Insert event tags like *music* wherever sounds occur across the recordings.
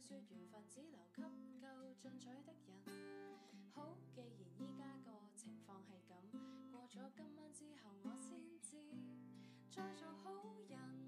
說緣分只留給夠進取的人。好，既然依家個情況係咁，過咗今晚之後我先知，再做好人。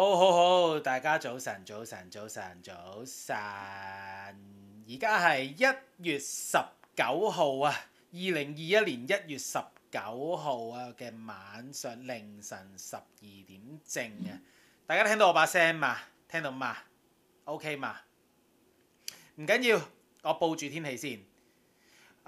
好好好，大家早晨，早晨，早晨，早晨。而家係一月十九號啊，二零二一年一月十九號啊嘅晚上凌晨十二點正啊，大家聽到我把聲嘛？聽到嘛？OK 嘛？唔緊要，我報住天氣先。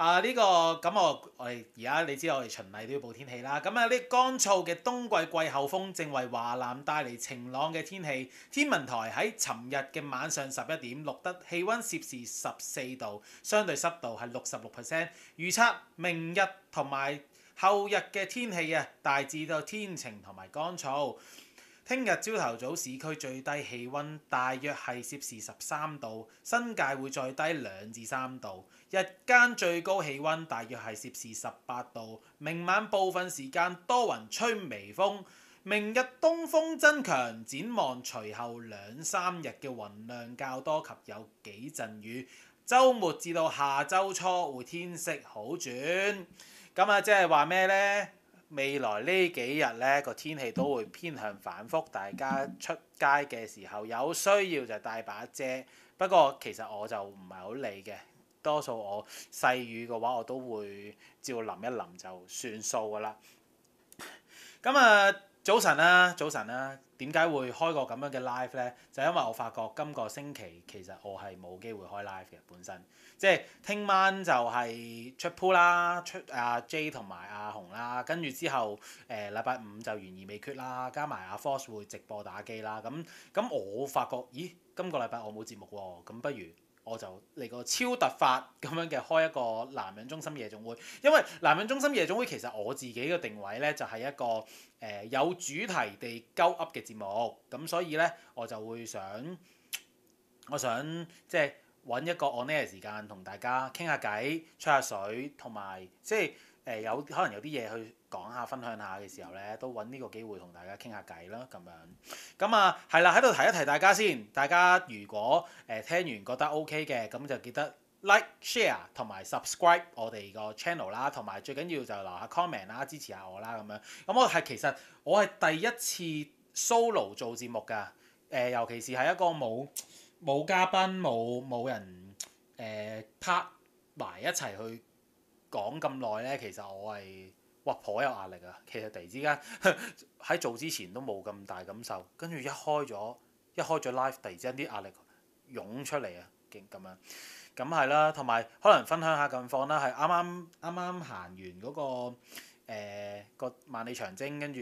啊！呢、這個咁我我哋而家你知道我哋循例都要報天氣啦。咁、嗯、啊，呢乾燥嘅冬季季候風正為華南帶嚟晴朗嘅天氣。天文台喺尋日嘅晚上十一點錄得氣温攝氏十四度，相對濕度係六十六 percent。預測明日同埋後日嘅天氣啊，大致到天晴同埋乾燥。聽日朝頭早市區最低氣温大約係攝氏十三度，新界會再低兩至三度。日間最高氣温大約係攝氏十八度，明晚部分時間多雲吹微風，明日東風增強，展望隨後兩三日嘅雲量較多及有幾陣雨，週末至到下周初會天色好轉。咁啊，即係話咩咧？未來幾呢幾日咧個天氣都會偏向反覆，大家出街嘅時候有需要就帶把遮。不過其實我就唔係好理嘅。多數我細雨嘅話，我都會照淋一淋就算數噶啦。咁啊，早晨啊，早晨啊，點解會開個咁樣嘅 live 咧？就因為我發覺今個星期其實我係冇機會開 live 嘅本身，即係聽晚就係出 pool 啦，出阿、啊、J 同埋阿紅啦，跟住之後誒禮拜五就懸而未決啦，加埋阿 Force 會直播打機啦。咁咁我發覺，咦，今個禮拜我冇節目喎，咁不如？我就嚟個超突發咁樣嘅開一個南洋中心夜總會，因為南洋中心夜總會其實我自己嘅定位咧就係一個誒、呃、有主題地鳩噏嘅節目，咁所以咧我就會想我想即係揾一個 on air 時間同大家傾下偈、吹下水，同埋即係。誒有、呃、可能有啲嘢去講下、分享下嘅時候咧，都搵呢個機會同大家傾下偈啦，咁樣。咁、嗯、啊，係啦、啊，喺度提一提大家先。大家如果誒、呃、聽完覺得 OK 嘅，咁就記得 Like、Share 同埋 Subscribe 我哋個 channel 啦，同埋最緊要就留下 comment 啦，支持下我啦，咁樣。咁我係其實我係第一次 solo 做節目㗎，誒、呃、尤其是係一個冇冇嘉賓、冇冇人誒拍埋一齊去。講咁耐咧，其實我係哇，頗有壓力啊。其實突然之間喺做之前都冇咁大感受，跟住一開咗一開咗 live，突然之間啲壓力湧出嚟啊！勁咁樣咁係啦，同埋可能分享下近況啦。係啱啱啱啱行完嗰個誒個萬里長征，跟住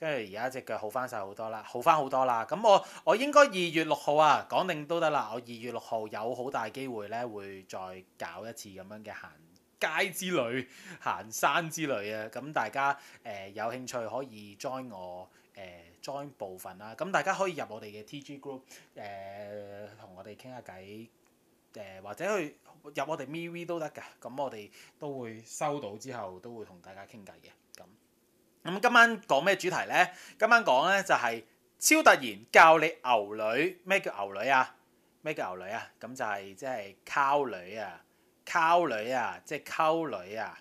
跟住而家隻腳好返晒好多啦，好返好多啦。咁我我應該二月六號啊，講定都得啦。我二月六號有好大機會咧，會再搞一次咁樣嘅行程，街之旅、行山之旅啊，咁大家誒、呃、有興趣可以 join 我誒、呃、join 部分啦、啊。咁大家可以入我哋嘅 TG group 誒、呃，同我哋傾下偈誒，或者去入我哋 MeWe、e、都得㗎。咁、嗯、我哋都會收到之後，都會同大家傾偈嘅。咁咁今晚講咩主題咧？今晚講咧就係、是、超突然教你牛女，咩叫牛女啊？咩叫牛女啊？咁就係即係溝女啊！溝女啊，即係溝女啊！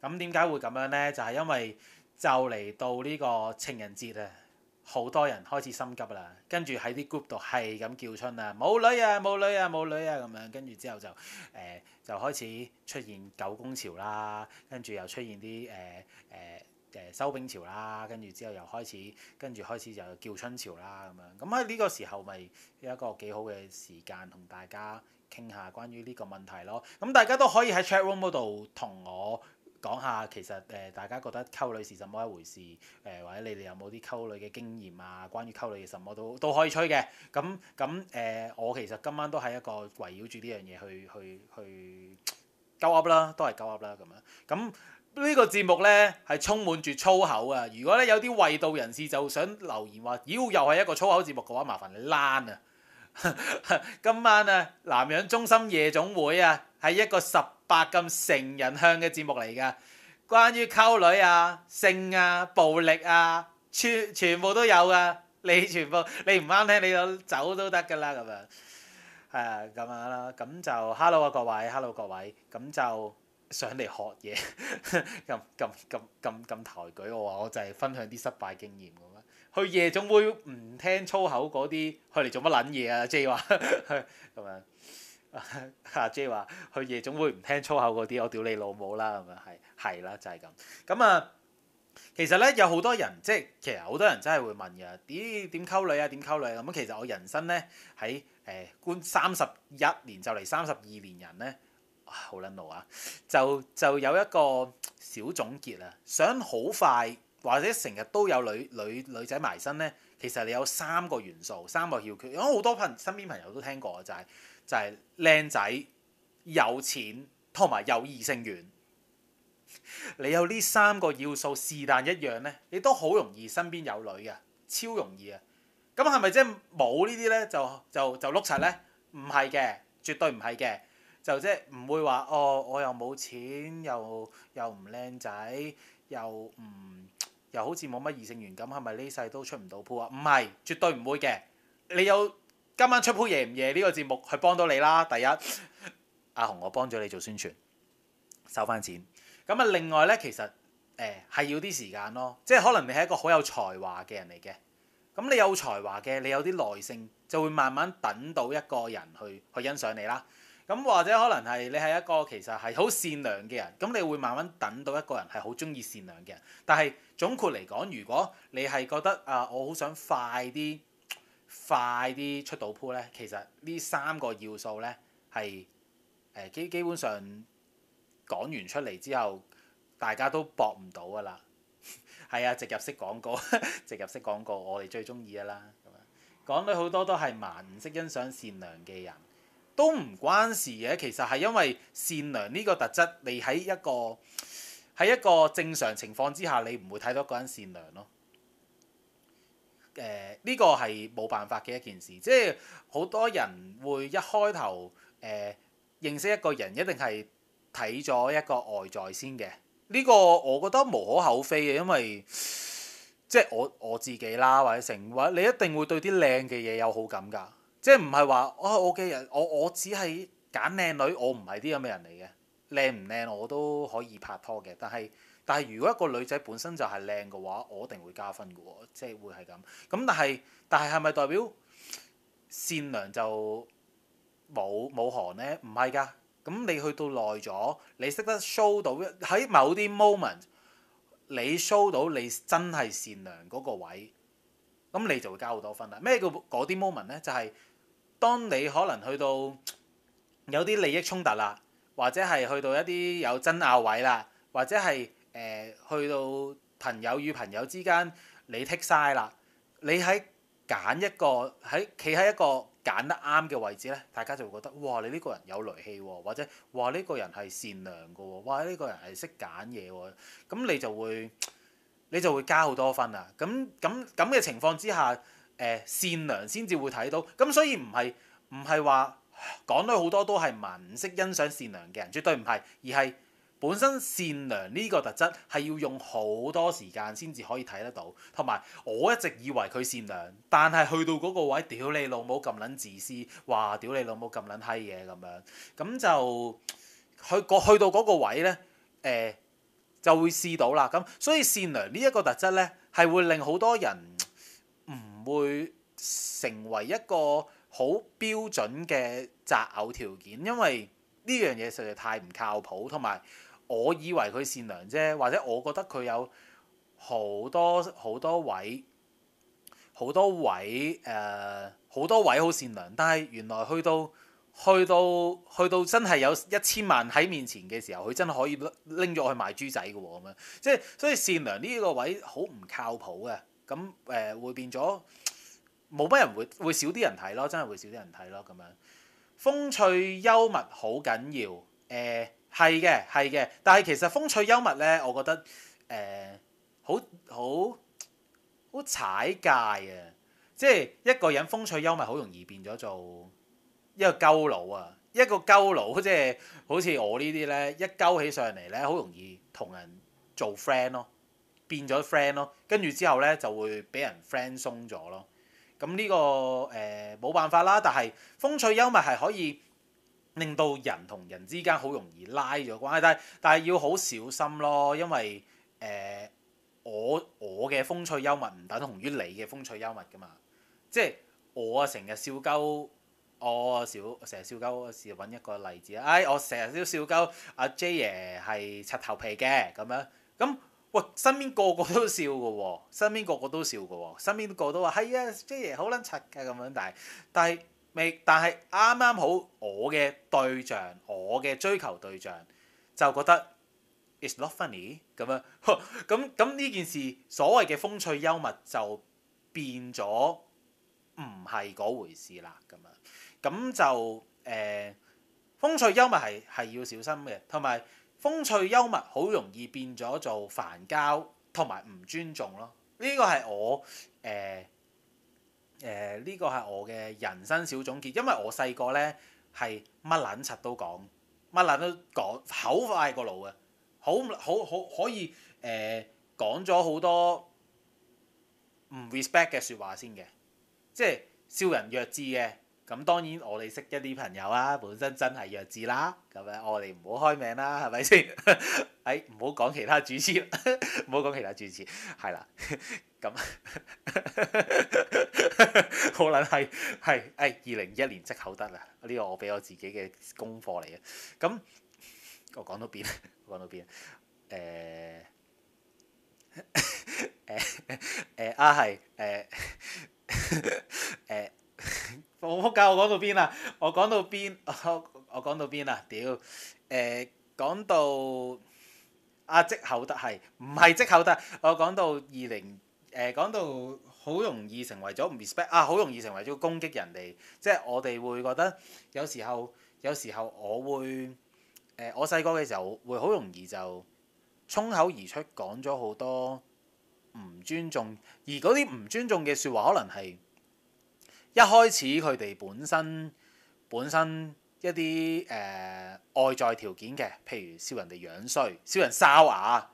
咁點解會咁樣呢？就係、是、因為就嚟到呢個情人節啊，好多人開始心急啦，跟住喺啲 group 度係咁叫春啦，冇女啊，冇女啊，冇女啊咁樣，跟住之後就誒、呃、就開始出現狗公潮啦，跟住又出現啲誒誒誒收兵潮啦，跟住之後又開始跟住開始就叫春潮啦咁樣。咁喺呢個時候咪一個幾好嘅時間同大家傾下關於呢個問題咯，咁、嗯、大家都可以喺 chat room 嗰度同我講下，其實誒、呃、大家覺得溝女是怎麼一回事？誒、呃、或者你哋有冇啲溝女嘅經驗啊？關於溝女嘅什麼都都可以吹嘅。咁咁誒，我其實今晚都係一個圍繞住呢樣嘢去去去鳩噏啦，都係鳩噏啦咁樣。咁、嗯、呢、呢個節目咧係充滿住粗口啊！如果咧有啲衛道人士就想留言話，妖又係一個粗口節目嘅話，麻煩你躝啊！ *laughs* 今晚啊，南洋中心夜總會啊，係一個十八禁成人向嘅節目嚟噶。關於溝女啊、性啊、暴力啊，全全部都有噶。你全部你唔啱聽，你走都得噶啦。咁樣，誒，咁樣啦。咁就，hello 啊，各位，hello 各位。咁就上嚟學嘢，咁咁咁咁抬舉我啊！我，我就係分享啲失敗經驗。去夜總會唔聽粗口嗰啲，去嚟做乜撚嘢啊？J 話咁樣，阿 J 話去夜總會唔聽粗口嗰啲，我屌你老母啦咁樣係係啦就係咁咁啊。其實咧有好多人即係其實好多人真係會問嘅，點點溝女啊點溝女啊咁。其實我人生咧喺誒官三十一年就嚟三十二年人咧，好撚老啊。就就有一個小總結啊，想好快。或者成日都有女女女仔埋身咧，其實你有三個元素，三個要訣，因為好多朋身邊朋友都聽過就係就係靚仔、有錢同埋有異性緣。你有呢三個要素，是但一樣咧，你都好容易身邊有女嘅，超容易啊！咁係咪即係冇呢啲咧就就就碌柒咧？唔係嘅，絕對唔係嘅，就即係唔會話哦，我又冇錢，又又唔靚仔，又唔～又又好似冇乜異性緣咁，係咪呢世都出唔到鋪啊？唔係，絕對唔會嘅。你有今晚出鋪夜唔夜呢個節目，去幫到你啦。第一，阿、啊、紅我幫咗你做宣傳，收翻錢。咁啊，另外咧，其實誒係、呃、要啲時間咯，即係可能你係一個好有才華嘅人嚟嘅。咁你有才華嘅，你有啲耐性，就會慢慢等到一個人去去欣賞你啦。咁或者可能係你係一個其實係好善良嘅人，咁你會慢慢等到一個人係好中意善良嘅人。但係總括嚟講，如果你係覺得啊、呃，我好想快啲、快啲出到鋪呢，其實呢三個要素呢，係基、呃、基本上講完出嚟之後，大家都搏唔到噶啦。係 *laughs* 啊，直入式廣告，直入式廣告，我哋最中意嘅啦。講到好多都係盲，唔識欣賞善良嘅人。都唔關事嘅，其實係因為善良呢個特質，你喺一個喺一個正常情況之下，你唔會睇到嗰人善良咯。誒、呃，呢、這個係冇辦法嘅一件事，即係好多人會一開頭誒、呃、認識一個人，一定係睇咗一個外在先嘅。呢、這個我覺得無可厚非嘅，因為即係我我自己啦，或者成話你一定會對啲靚嘅嘢有好感㗎。即係唔係話啊，我嘅人，我我只係揀靚女，我唔係啲咁嘅人嚟嘅。靚唔靚我都可以拍拖嘅。但係但係如果一個女仔本身就係靚嘅話，我一定會加分嘅喎。即係會係咁。咁但係但係係咪代表善良就冇冇行呢？唔係㗎。咁你去到耐咗，你識得 show 到喺某啲 moment，你 show 到你真係善良嗰個位，咁你就會加好多分啦。咩叫嗰啲 moment 呢？就係、是。當你可能去到有啲利益衝突啦，或者係去到一啲有爭拗位啦，或者係誒、呃、去到朋友與朋友之間你剔晒啦，你喺揀一個喺企喺一個揀得啱嘅位置咧，大家就會覺得哇你呢個人有雷氣喎、哦，或者哇呢、這個人係善良嘅喎、哦，哇呢、這個人係識揀嘢喎，咁你就會你就會加好多分啦！咁咁咁嘅情況之下。誒善良先至會睇到，咁所以唔係唔係話港女好多都係唔識欣賞善良嘅人，絕對唔係，而係本身善良呢個特質係要用好多時間先至可以睇得到。同埋我一直以為佢善良，但係去到嗰個位，屌你老母咁撚自私，話屌你老母咁撚閪嘢咁樣，咁就去個去到嗰個位咧，誒、呃、就會試到啦。咁所以善良呢一個特質咧，係會令好多人。唔會成為一個好標準嘅擇偶條件，因為呢樣嘢實在太唔靠譜，同埋我以為佢善良啫，或者我覺得佢有好多好多位好多位誒好、呃、多位好善良，但係原來去到去到去到真係有一千萬喺面前嘅時候，佢真係可以拎咗去賣豬仔嘅喎咁樣，即係所以善良呢個位好唔靠譜嘅。咁誒、呃、會變咗冇乜人會會少啲人睇咯，真係會少啲人睇咯咁樣。風趣幽默好緊要誒，係嘅係嘅。但係其實風趣幽默咧，我覺得誒、呃、好好好，好踩界嘅，即係一個人風趣幽默好容易變咗做一個鳩佬啊。一個鳩佬即係好似我呢啲咧，一鳩起上嚟咧，好容易同人做 friend 咯。變咗 friend 咯，跟住之後咧就會俾人 friend 鬆咗咯。咁、這、呢個誒冇、呃、辦法啦，但係風趣幽默係可以令到人同人之間好容易拉咗關係，但係但係要好小心咯，因為誒、呃、我我嘅風趣幽默唔等同於你嘅風趣幽默㗎嘛，即係我成日笑鳩，我笑成日笑鳩試揾一個例子啊、哎，我成日都笑鳩阿 J 爺係擦頭皮嘅咁樣，咁。嗯喂，身邊個個都笑嘅喎、哦，身邊個個都笑嘅喎、哦，身邊個個都話係啊，J 爺好撚柒嘅咁樣，但係但係未，但係啱啱好我嘅對象，我嘅追求對象就覺得 It's not funny 咁樣，咁咁呢件事所謂嘅風趣幽默就變咗唔係嗰回事啦咁樣，咁就誒、呃、風趣幽默係係要小心嘅，同埋。風趣幽默好容易變咗做煩膠同埋唔尊重咯，呢個係我誒誒呢個係我嘅人生小總結，因為我細個咧係乜撚柒都講，乜撚都講口快過腦嘅，好好好可以誒講咗好多唔 respect 嘅說話先嘅，即係笑人弱智嘅。咁當然我哋識一啲朋友啊，本身真係弱智啦。咁樣我哋唔好開名啦，係咪先？誒唔好講其他主持，唔好講其他主持，係啦。咁好撚係係誒二零一年即後得啦。呢個我俾我自己嘅功課嚟嘅。咁我講到邊？講到邊？誒誒啊係誒誒。哎哎哎我撲街！我，到我，到我，到、啊我到啊、講到邊啦？我講到邊？我講到邊啦？屌！誒講到啊，即口得係唔係即口得。我講到二零誒講到好容易成為咗唔 respect 啊！好容易成為咗攻擊人哋，即、就、係、是、我哋會覺得有時候有時候我會誒、啊、我細個嘅時候會好容易就衝口而出講咗好多唔尊重，而嗰啲唔尊重嘅説話可能係。一開始佢哋本身本身一啲誒外在條件嘅，譬如笑人哋樣衰，笑人哨牙，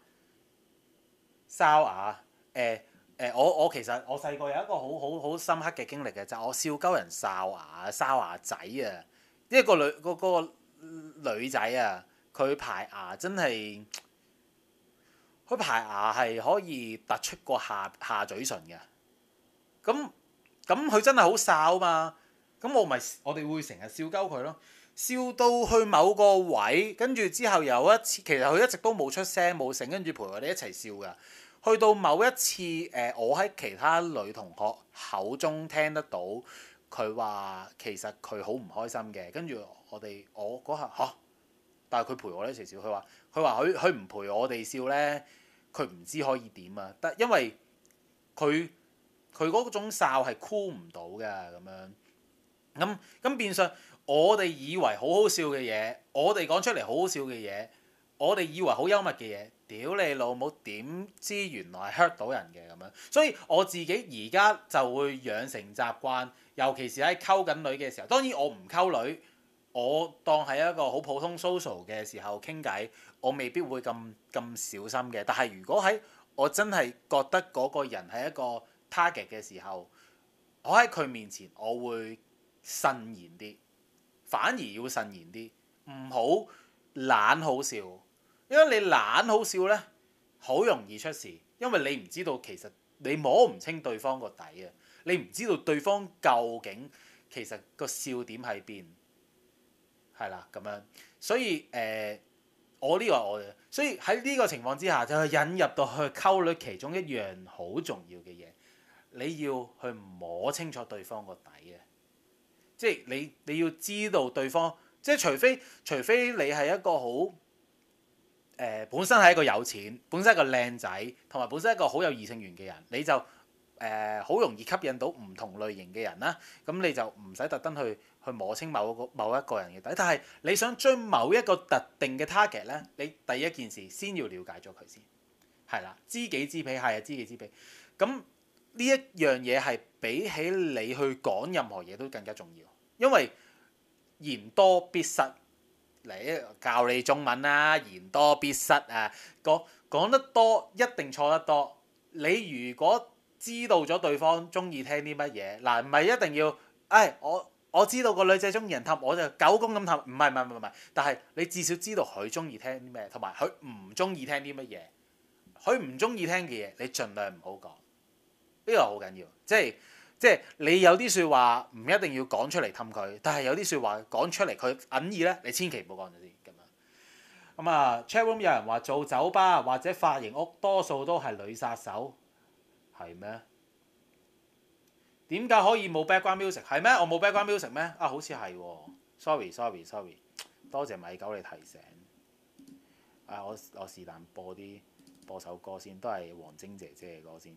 哨牙誒誒，我我其實我細個有一個好好好深刻嘅經歷嘅就係、是、我笑鳩人哨牙哨牙仔啊，因為個女、個嗰個女仔啊，佢排牙真係佢排牙係可以突出個下下嘴唇嘅，咁。咁佢真係好嘥啊嘛，咁我咪我哋會成日笑鳩佢咯，笑到去某個位，跟住之後有一次，其實佢一直都冇出聲冇聲，跟住陪我哋一齊笑㗎。去到某一次，誒、呃、我喺其他女同學口中聽得到佢話，其實佢好唔開心嘅。跟住我哋我嗰下嚇，但係佢陪我一齊笑，佢話佢話佢佢唔陪我哋笑咧，佢唔知可以點啊，但因為佢。佢嗰種嘲笑係箍唔到㗎，咁樣咁咁變相我哋以為好好笑嘅嘢，我哋講出嚟好好笑嘅嘢，我哋以為好幽默嘅嘢，屌你老母，點知原來係 hurt 到人嘅咁樣，所以我自己而家就會養成習慣，尤其是喺溝緊女嘅時候，當然我唔溝女，我當係一個好普通 social 嘅時候傾偈，我未必會咁咁小心嘅。但係如果喺我真係覺得嗰個人係一個，target 嘅時候，我喺佢面前，我會慎言啲，反而要慎言啲，唔好懶好笑，因為你懶好笑咧，好容易出事，因為你唔知道其實你摸唔清對方個底啊，你唔知道對方究竟其實個笑點喺邊，係啦，咁樣，所以誒、呃，我呢個我，所以喺呢個情況之下，就引入到去溝女其中一樣好重要嘅嘢。你要去摸清楚對方個底嘅，即係你你要知道對方，即係除非除非你係一個好誒、呃、本身係一個有錢、本身一個靚仔，同埋本身一個好有異性緣嘅人，你就誒好、呃、容易吸引到唔同類型嘅人啦。咁你就唔使特登去去摸清某個某一個人嘅底。但係你想追某一個特定嘅 target 咧，你第一件事先要了解咗佢先，係啦，知己知彼，係啊，知己知彼咁。呢一樣嘢係比起你去講任何嘢都更加重要，因為言多必失。嚟教你中文啦，言多必失啊，講講得多一定錯得多。你如果知道咗對方中意聽啲乜嘢，嗱唔係一定要，誒我我知道個女仔中意人氹，我就狗公咁氹，唔係唔係唔係唔係，但係你至少知道佢中意聽啲咩，同埋佢唔中意聽啲乜嘢，佢唔中意聽嘅嘢，你盡量唔好講。呢個好緊要，即係即係你有啲説話唔一定要講出嚟氹佢，但係有啲説話講出嚟佢隱意咧，你千祈唔好講咗先。咁啊，chatroom 有人話做酒吧或者髮型屋，多數都係女殺手，係咩？點解可以冇 background music？係咩？我冇 background music 咩？啊，好似係喎，sorry sorry sorry，多謝米九你提醒。啊，我我是但播啲播首歌先，都係黃晶姐姐嘅歌先。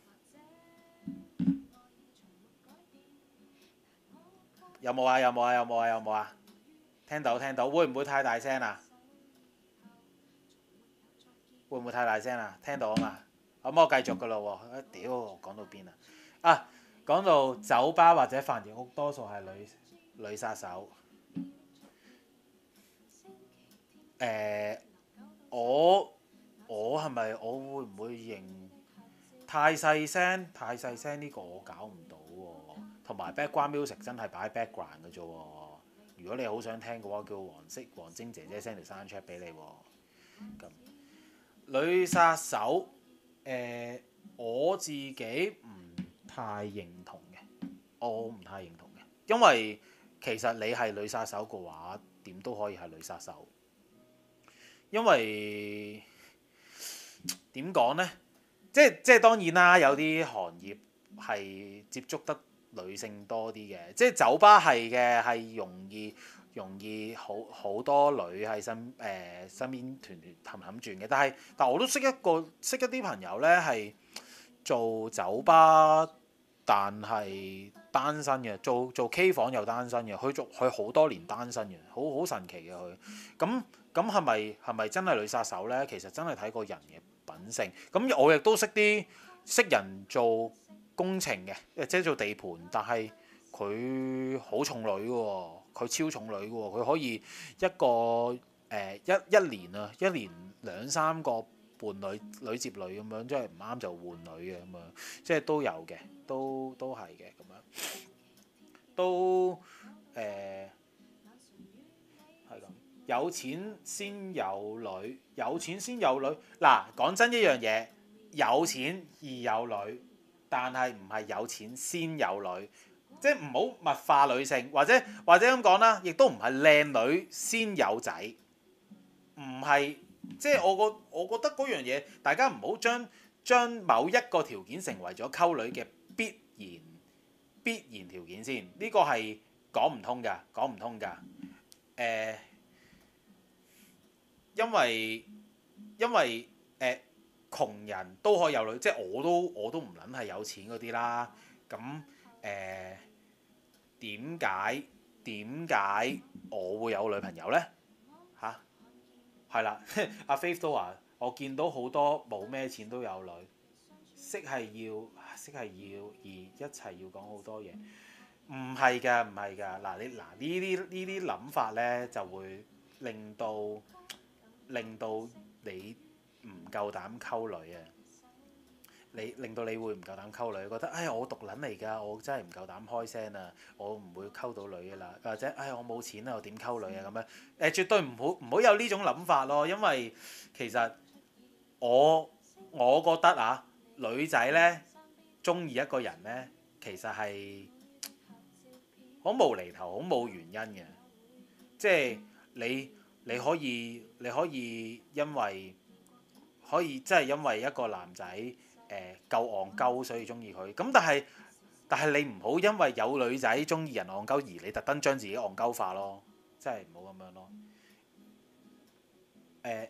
有冇啊？有冇啊？有冇啊？有冇啊？聽到聽到，會唔會太大聲啊？會唔會太大聲啊？聽到啊嘛，咁我繼續㗎喇喎。屌，講到邊啊？啊，講到酒吧或者飯店屋，多數係女女殺手。誒、呃，我我係咪我會唔會認？太細聲，太細聲，呢個我搞唔到。同埋 background music 真係擺 background 嘅啫喎。如果你好想聽嘅話，叫黃色黃晶姐姐 send 條 sound check 俾你喎。咁女殺手誒、呃，我自己唔太認同嘅，我唔太認同嘅，因為其實你係女殺手嘅話，點都可以係女殺手。因為點講咧？即、即係當然啦，有啲行業係接觸得，女性多啲嘅，即係酒吧係嘅，係容易容易好好多女喺身誒、呃、身邊團團氹氹轉嘅。但係，但我都識一個識一啲朋友咧，係做酒吧，但係單身嘅，做做 K 房又單身嘅，佢做佢好多年單身嘅，好好神奇嘅佢。咁咁係咪係咪真係女殺手咧？其實真係睇個人嘅品性。咁我亦都識啲識人做。工程嘅，即係做地盤，但係佢好重女嘅喎，佢超重女嘅喎，佢可以一個誒、呃、一一年啊，一年兩三個伴侶女接女咁樣，即係唔啱就換女嘅咁樣，即係都有嘅，都都係嘅咁樣，都誒係咁有錢先有女，有錢先有女嗱。講真一樣嘢，有錢而有女。但係唔係有錢先有女，即係唔好物化女性，或者或者咁講啦，亦都唔係靚女先有仔，唔係即係我覺我覺得嗰樣嘢，大家唔好將將某一個條件成為咗溝女嘅必然必然條件先，呢個係講唔通㗎，講唔通㗎，誒，因為因為誒。呃窮人都可以有女，即係我都我都唔撚係有錢嗰啲啦。咁誒點解點解我會有女朋友呢？吓？係啦，阿、啊、faith 都話我見到好多冇咩錢都有女，識係要識係要而一齊要講好多嘢，唔係㗎，唔係㗎，嗱你嗱，呢啲呢啲諗法呢就會令到令到你。唔夠膽溝女啊！你令到你會唔夠膽溝女，覺得哎呀我毒撚嚟㗎，我真係唔夠膽開聲啊！我唔會溝到女嘅啦，或者哎呀我冇錢啊，我點溝女啊咁樣？誒絕對唔好唔好有呢種諗法咯，因為其實我我覺得啊，女仔咧中意一個人咧，其實係好無厘頭、好冇原因嘅，即係你你可以你可以因為可以真係因為一個男仔誒、呃、夠戇鳩，所以中意佢。咁但係但係你唔好因為有女仔中意人戇鳩而你特登將自己戇鳩化咯，真係唔好咁樣咯。誒、呃，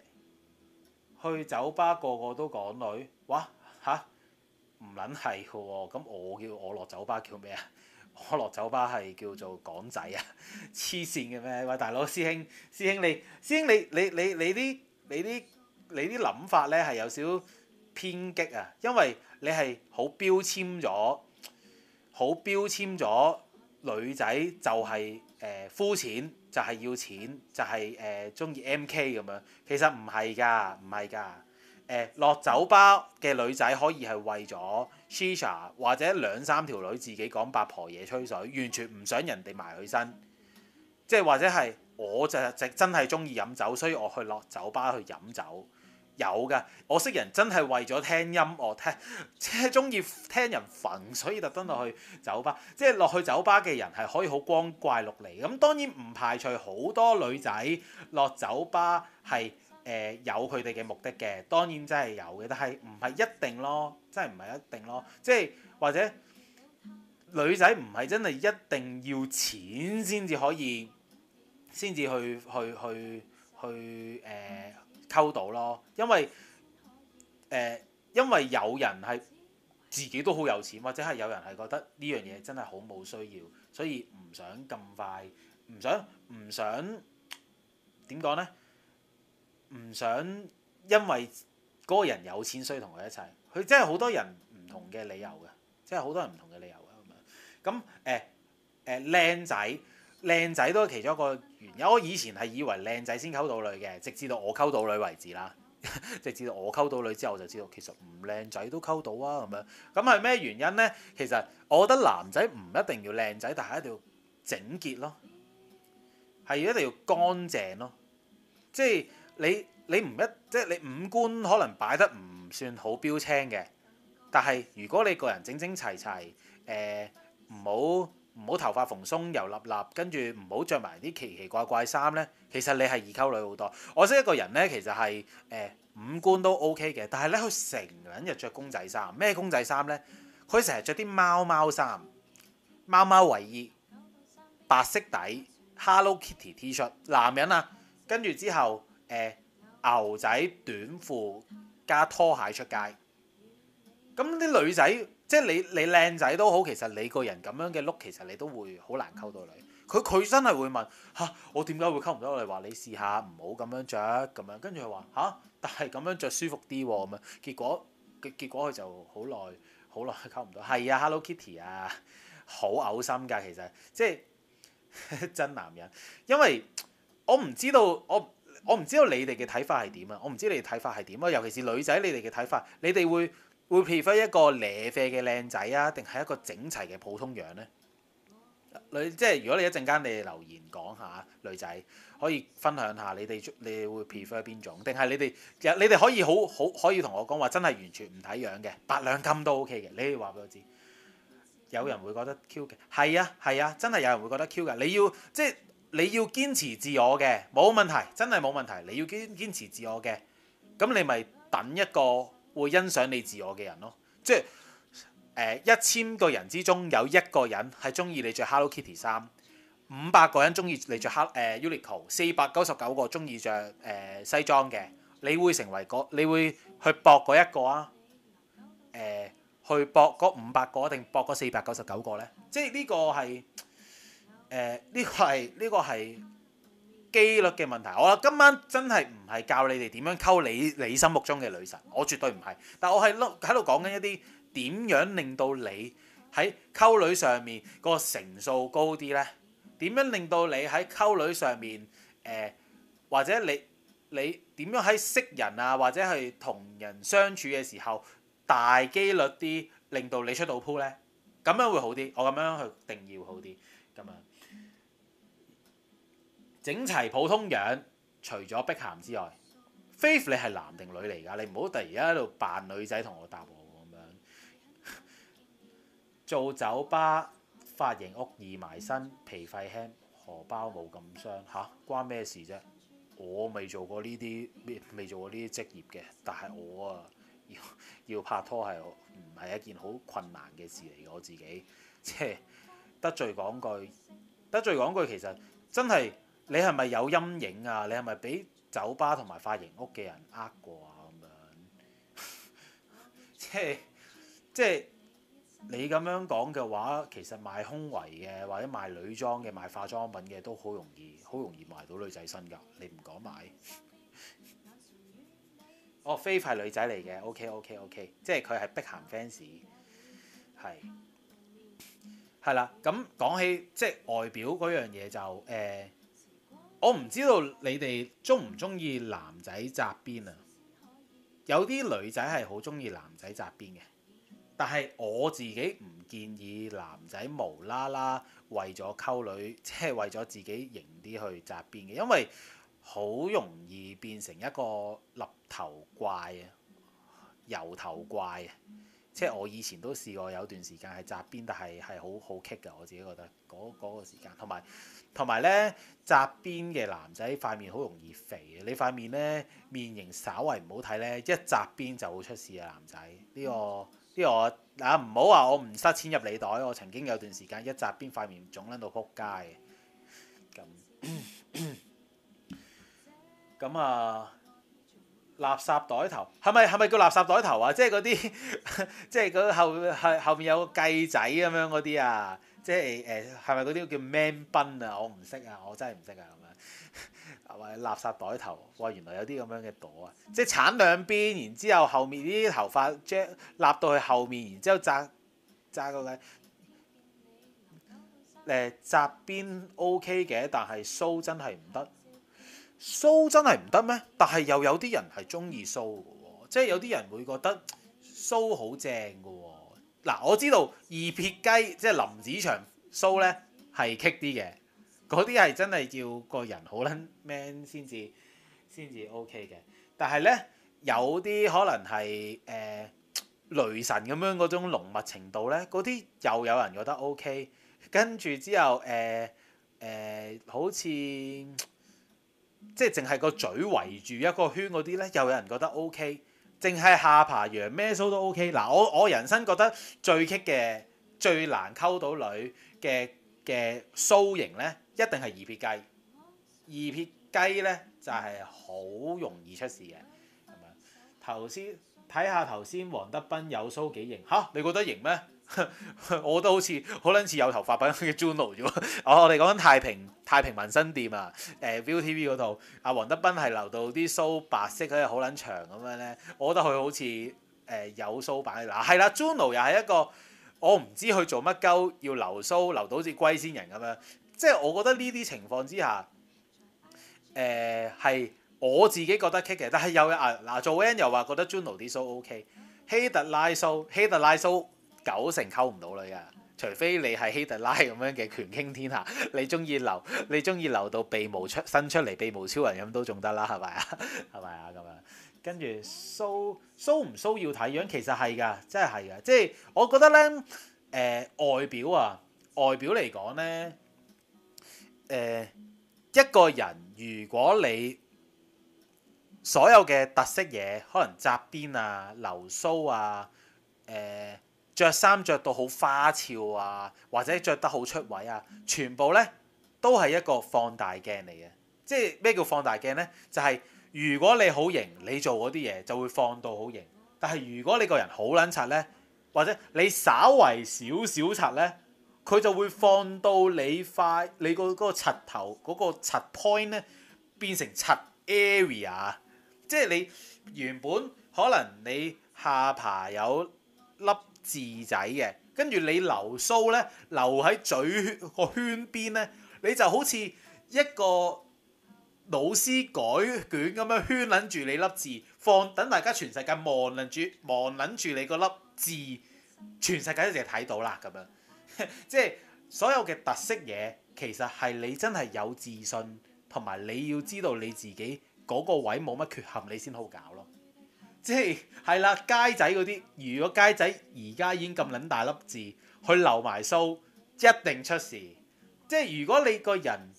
去酒吧個個都港女，哇嚇唔撚係嘅喎。咁我叫我落酒吧叫咩啊？我落酒吧係叫做港仔啊，黐線嘅咩？喂，大佬，師兄師兄你師兄你你你你啲你啲。你你啲諗法咧係有少偏激啊，因為你係好標籤咗，好標籤咗女仔就係、是、誒、呃、膚淺，就係、是、要錢，就係誒中意 MK 咁樣。其實唔係㗎，唔係㗎。誒、呃、落酒吧嘅女仔可以係為咗 shisha 或者兩三條女自己講八婆嘢吹水，完全唔想人哋埋佢身。即係或者係我就係真係中意飲酒，所以我去落酒吧去飲酒。有㗎，我識人真係為咗聽音樂，聽即係中意聽人焚，所以特登落去酒吧。即係落去酒吧嘅人係可以好光怪陸離。咁、嗯、當然唔排除好多女仔落酒吧係誒、呃、有佢哋嘅目的嘅。當然真係有嘅，但係唔係一定咯，真係唔係一定咯。即係或者女仔唔係真係一定要錢先至可以，先至去去去去誒。去呃溝到咯，因為誒、呃，因為有人係自己都好有錢，或者係有人係覺得呢樣嘢真係好冇需要，所以唔想咁快，唔想唔想點講咧？唔想因為嗰個人有錢，所以同佢一齊。佢真係好多人唔同嘅理由嘅，即係好多人唔同嘅理由嘅咁樣。咁誒誒靚仔，靚仔都係其中一個。原來我以前係以為靚仔先溝到女嘅，直至到我溝到女為止啦。 *laughs* 直至到我溝到女之後，我就知道其實唔靚仔都溝到啊咁樣。咁係咩原因呢？其實我覺得男仔唔一定要靚仔，但係一定要整潔咯，係一定要乾淨咯。即係你你唔一，即係你五官可能擺得唔算好標青嘅，但係如果你個人整整齊齊，誒唔好。唔好頭髮蓬鬆油立立，跟住唔好着埋啲奇奇怪怪衫呢。其實你係易溝女好多。我識一個人呢，其實係誒、呃、五官都 O K 嘅，但係呢，佢成日都着公仔衫。咩公仔衫呢？佢成日着啲貓貓衫、貓貓衞衣、白色底 Hello Kitty T 恤 Shirt，男人啊，跟住之後誒、呃、牛仔短褲加拖鞋出街。咁啲女仔。即係你你靚仔都好，其實你個人咁樣嘅 look，其實你都會好難溝到女。佢佢真係會問吓、啊？我點解會溝唔到？我係話你試下唔好咁樣着，咁樣跟住佢話吓？但係咁樣着舒服啲喎咁樣。結果結果佢就好耐好耐溝唔到。係啊，Hello Kitty 啊，好嘔心㗎，其實即係 *laughs* 真男人。因為我唔知道我我唔知道你哋嘅睇法係點啊？我唔知你哋睇法係點啊？尤其是女仔，你哋嘅睇法，你哋會。會 prefer 一個咧啡嘅靚仔啊，定係一個整齊嘅普通樣呢？女即係如果你一陣間你哋留言講下女仔，可以分享下你哋你哋會 prefer 邊種？定係你哋你哋可以好好可以同我講話，真係完全唔睇樣嘅，八兩金都 OK 嘅。你可以話俾我知，有人會覺得 Q 嘅，係啊，係啊，真係有人會覺得 Q 嘅。你要即係你要堅持自我嘅，冇問題，真係冇問題。你要堅堅持自我嘅，咁你咪等一個。會欣賞你自我嘅人咯，即係誒、呃、一千個人之中有一個人係中意你着 Hello Kitty 衫，五百個人中意你著黑誒 Uniqlo，四百九十九個中意着誒西裝嘅，你會成為嗰你會去博嗰一個啊？誒、呃，去博嗰五百個定博嗰四百九十九個咧？即係呢個係誒呢個係呢、呢個係。呢個機率嘅問題，我今晚真係唔係教你哋點樣溝你你心目中嘅女神，我絕對唔係。但係我係喺度講緊一啲點樣令到你喺溝女上面嗰個成數高啲呢？點樣令到你喺溝女上面誒、呃，或者你你點樣喺識人啊，或者係同人相處嘅時候大機率啲，令到你出到鋪呢？咁樣會好啲。我咁樣去定義會好啲咁樣。整齊普通樣，除咗碧咸之外，Faith 你係男定女嚟㗎？你唔好突然間喺度扮女仔同我答我咁樣。 *laughs* 做酒吧髮型屋易埋身，皮費輕，荷包冇咁傷吓，關咩事啫？我未做過呢啲，未做過呢啲職業嘅，但係我啊要，要拍拖係我唔係一件好困難嘅事嚟。我自己即係得罪講句，得罪講句，其實真係。你係咪有陰影啊？你係咪俾酒吧同埋髮型屋嘅人呃過啊？咁、 *laughs* 就是就是、樣，即係即係你咁樣講嘅話，其實賣胸圍嘅或者賣女裝嘅賣化妝品嘅都好容易，好容易賣到女仔身㗎。你唔講買，哦、 *laughs* oh，飛快女仔嚟嘅，OK OK OK，即係佢係碧咸 fans，係係啦。咁講起即係、就是、外表嗰樣嘢就誒。呃我唔知道你哋中唔中意男仔紮辮啊？有啲女仔係好中意男仔紮辮嘅，但係我自己唔建議男仔無啦啦為咗溝女，即係為咗自己型啲去紮辮嘅，因為好容易變成一個立頭怪啊、油頭怪啊！即係我以前都試過有段時間係紮辮，但係係好好棘嘅，我自己覺得嗰嗰、嗰個時間同埋。同埋咧，紮邊嘅男仔，塊面好容易肥嘅。你塊面咧，面型稍為唔好睇咧，一紮邊就會出事啊！男仔，呢、這個呢、嗯這個嗱，唔好話我唔塞錢入你袋，我曾經有段時間一紮邊塊面腫撚到撲街嘅。咁咁 *coughs* 啊，垃圾袋頭係咪係咪叫垃圾袋頭啊？即係嗰啲，即係嗰後面有個雞仔咁樣嗰啲啊？即係誒，係咪嗰啲叫 man bun 啊？我唔識啊，我真係唔識啊咁樣。哇、 *laughs* 哎！垃圾袋頭，哇、哎！原來有啲咁樣嘅朵啊，即係鏟兩邊，然之後後面啲頭髮即立到去後面，然之後紮紮個髻。誒，紮邊、呃、OK 嘅，但係鬚真係唔得。鬚真係唔得咩？但係又有啲人係中意鬚嘅喎，即係有啲人會覺得鬚好正嘅喎。嗱，我知道二撇雞即係林子祥鬚咧係棘啲嘅，嗰啲係真係要個人好撚 man 先至先至 OK 嘅。但係咧有啲可能係誒、呃、雷神咁樣嗰種濃密程度咧，嗰啲又有人覺得 OK。跟住之後誒誒、呃呃，好似即係淨係個嘴圍住一個圈嗰啲咧，又有人覺得 OK。淨係下扒羊咩鬚都 OK 嗱，我我人生覺得最棘嘅、最難溝到女嘅嘅鬚型咧，一定係二撇雞。二撇雞咧就係、是、好容易出事嘅。咁樣頭先睇下頭先黃德斌有鬚幾型嚇、啊？你覺得型咩？ *laughs* 我覺得好似好撚似有頭髮版嘅 Junoo 啫喎， *laughs* 我哋講緊太平太平紋身店啊，誒、啊、ViuTV 嗰套阿黃德斌係留到啲須白色，喺啲好撚長咁樣咧，我覺得佢好似誒、啊、有須版嗱係啦 Junoo 又係一個我唔知佢做乜鳩要留須留到好似龜仙人咁樣，即係我覺得呢啲情況之下誒係、啊、我自己覺得棘嘅，但係有啊嗱做 friend 又話覺得 Junoo 啲須 OK，希特拉須希特拉須。九成溝唔到女噶，除非你係希特拉咁樣嘅權傾天下，你中意留，你中意留到鼻毛出，伸出嚟鼻毛超人咁都仲得啦，係咪啊？係咪啊？咁樣跟住，騷騷唔騷要睇樣，其實係噶，真係係噶，即係我覺得咧，誒、呃、外表啊，外表嚟講咧，誒、呃、一個人如果你所有嘅特色嘢，可能側邊啊、留鬚啊、誒、呃。着衫着到好花俏啊，或者着得好出位啊，全部咧都係一個放大鏡嚟嘅。即係咩叫放大鏡咧？就係如果你好型，你做嗰啲嘢就會放到好型。但係如果你個人好捻柒咧，或者你稍為少少柒咧，佢就會放到你塊你嗰個嗰個柒頭嗰個柒 point 咧變成柒 area，即係你原本可能你下巴有粒，字仔嘅，跟住你留鬚咧，留喺嘴個圈，圈，圈邊咧，你就好似一個老師改卷咁樣圈撚住你粒字，放等大家全世界望撚住，望撚住你個粒字，全世界一齊睇到啦咁樣。即 *laughs* 係所有嘅特色嘢，其實係你真係有自信，同埋你要知道你自己嗰個位冇乜缺陷，你先好搞咯。即係係啦，街仔嗰啲，如果街仔而家已經咁撚大粒字，去留埋鬚，一定出事。即係如果你個人，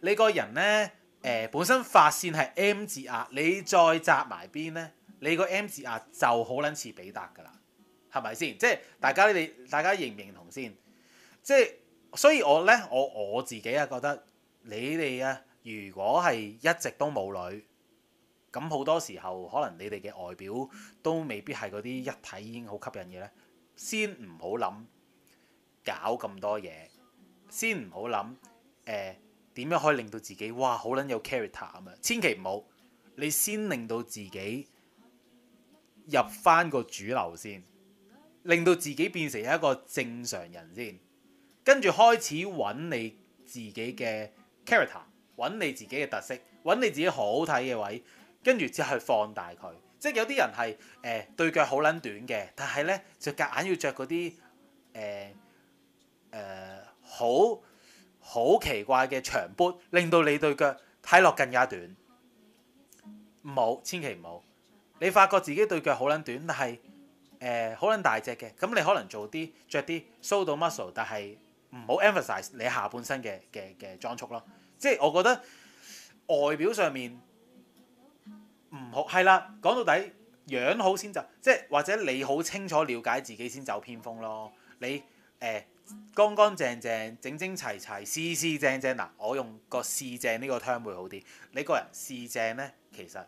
你個人咧，誒、呃、本身髮線係 M 字額，你再紮埋邊咧，你個 M 字額就好撚似比達㗎喇，係咪先？即係大家你哋大家認唔認同先？即係所以我咧，我我自己啊覺得，你哋啊，如果係一直都冇女。咁好多時候，可能你哋嘅外表都未必係嗰啲一睇已經好吸引嘅咧。先唔好諗搞咁多嘢，先唔好諗誒點樣可以令到自己哇好撚有 character 咁啊！千祈唔好，你先令到自己入翻個主流先，令到自己變成一個正常人先，跟住開始揾你自己嘅 character，揾你自己嘅特色，揾你自己好睇嘅位。跟住之後去放大佢，即係有啲人係誒對腳好撚短嘅，但係咧就夾硬要着嗰啲誒誒好好奇怪嘅長 boot，令到你對腳睇落更加短。唔好，千祈唔好。你發覺自己對腳好撚短，但係誒好撚大隻嘅，咁你可能做啲着啲 show 到 muscle，但係唔好 emphasize 你下半身嘅嘅嘅裝束咯。即係我覺得外表上面。唔好係啦，講到底樣好先就即係或者你好清楚了解自己先走偏鋒咯。你誒、呃、乾乾淨淨、整整齊齊、四四正正嗱，我用個四正呢個 term 會好啲。你個人四正咧，其實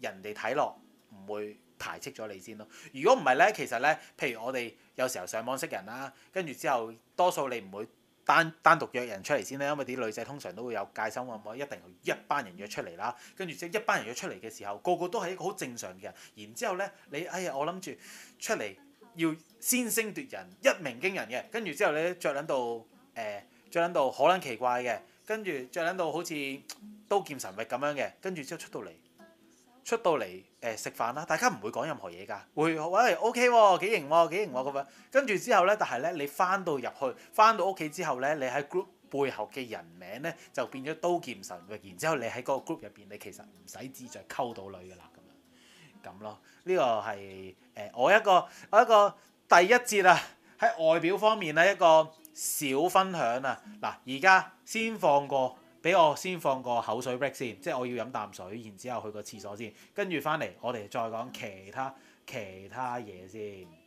人哋睇落唔會排斥咗你先咯。如果唔係咧，其實咧，譬如我哋有時候上網識人啦，跟住之後多數你唔會。單單獨約人出嚟先啦，因為啲女仔通常都會有戒心，話唔好一定要一班人約出嚟啦。跟住即係一班人約出嚟嘅時候，個個都係一個好正常嘅人。然之後咧，你，哎呀，我諗住出嚟要先聲奪人，一鳴驚人嘅。跟住之後咧，着撚到誒，着撚到可撚奇怪嘅。跟住着撚到好似刀劍神域咁樣嘅。跟住之後出到嚟。出到嚟誒，食飯啦，大家唔會講任何嘢噶，會喂 OK 喎，幾型喎，幾型喎咁樣。跟住之後咧，但係咧你翻到入去，翻到屋企之後咧，你喺 group 背後嘅人名咧就變咗刀劍神域，然之後你喺嗰個 group 入邊，你其實唔使志在溝到女噶啦咁樣，咁咯。呢個係誒我一個我一個第一節啊，喺外表方面咧一個小分享啊。嗱，而家先放過。俾我先放個口水 break 先，即係我要飲啖水，然之後去個廁所先，跟住翻嚟我哋再講其他其他嘢先。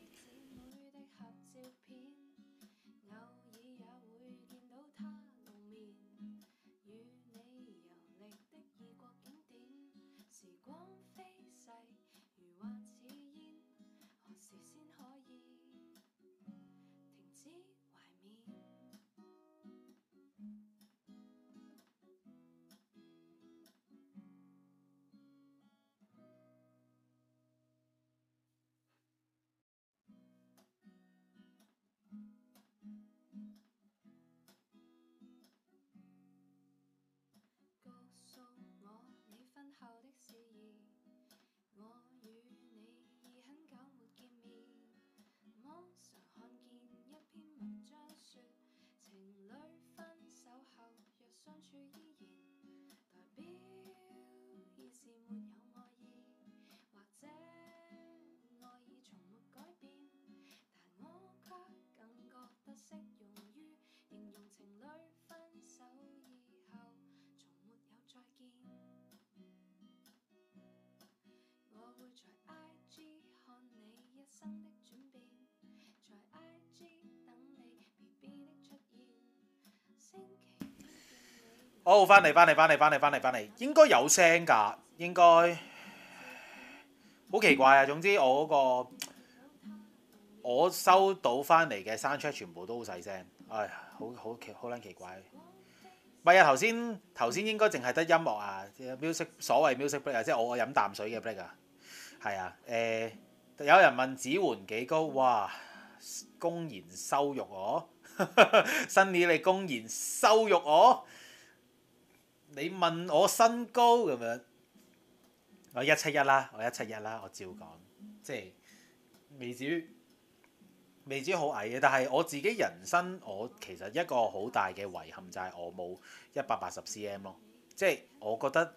相處依然，代表已是沒有愛意，或者愛意從沒改變，但我卻更覺得適用於形容情侶分手以後從沒有再見。我會在 IG 看你一生的轉變，在 IG 等你 BB 的出現，星期。好，翻嚟，翻嚟，翻嚟，翻嚟，翻嚟，翻嚟，應該有聲㗎，應該好奇怪啊。總之我嗰個我收到翻嚟嘅 soundcheck 全部都好細聲，唉，好好奇，好撚奇怪。唔係啊，頭先頭先應該淨係得音樂啊，music 所謂 music break 啊，即係我飲啖水嘅 break 啊，係啊，誒，有人問子桓幾高，哇，公然羞辱我，新李你公然羞辱我。你問我身高咁樣，我一七一啦，我一七一啦，我照講，即係未至於未至於好矮嘅。但係我自己人生，我其實一個好大嘅遺憾就係我冇一百八十 cm 咯。即係我覺得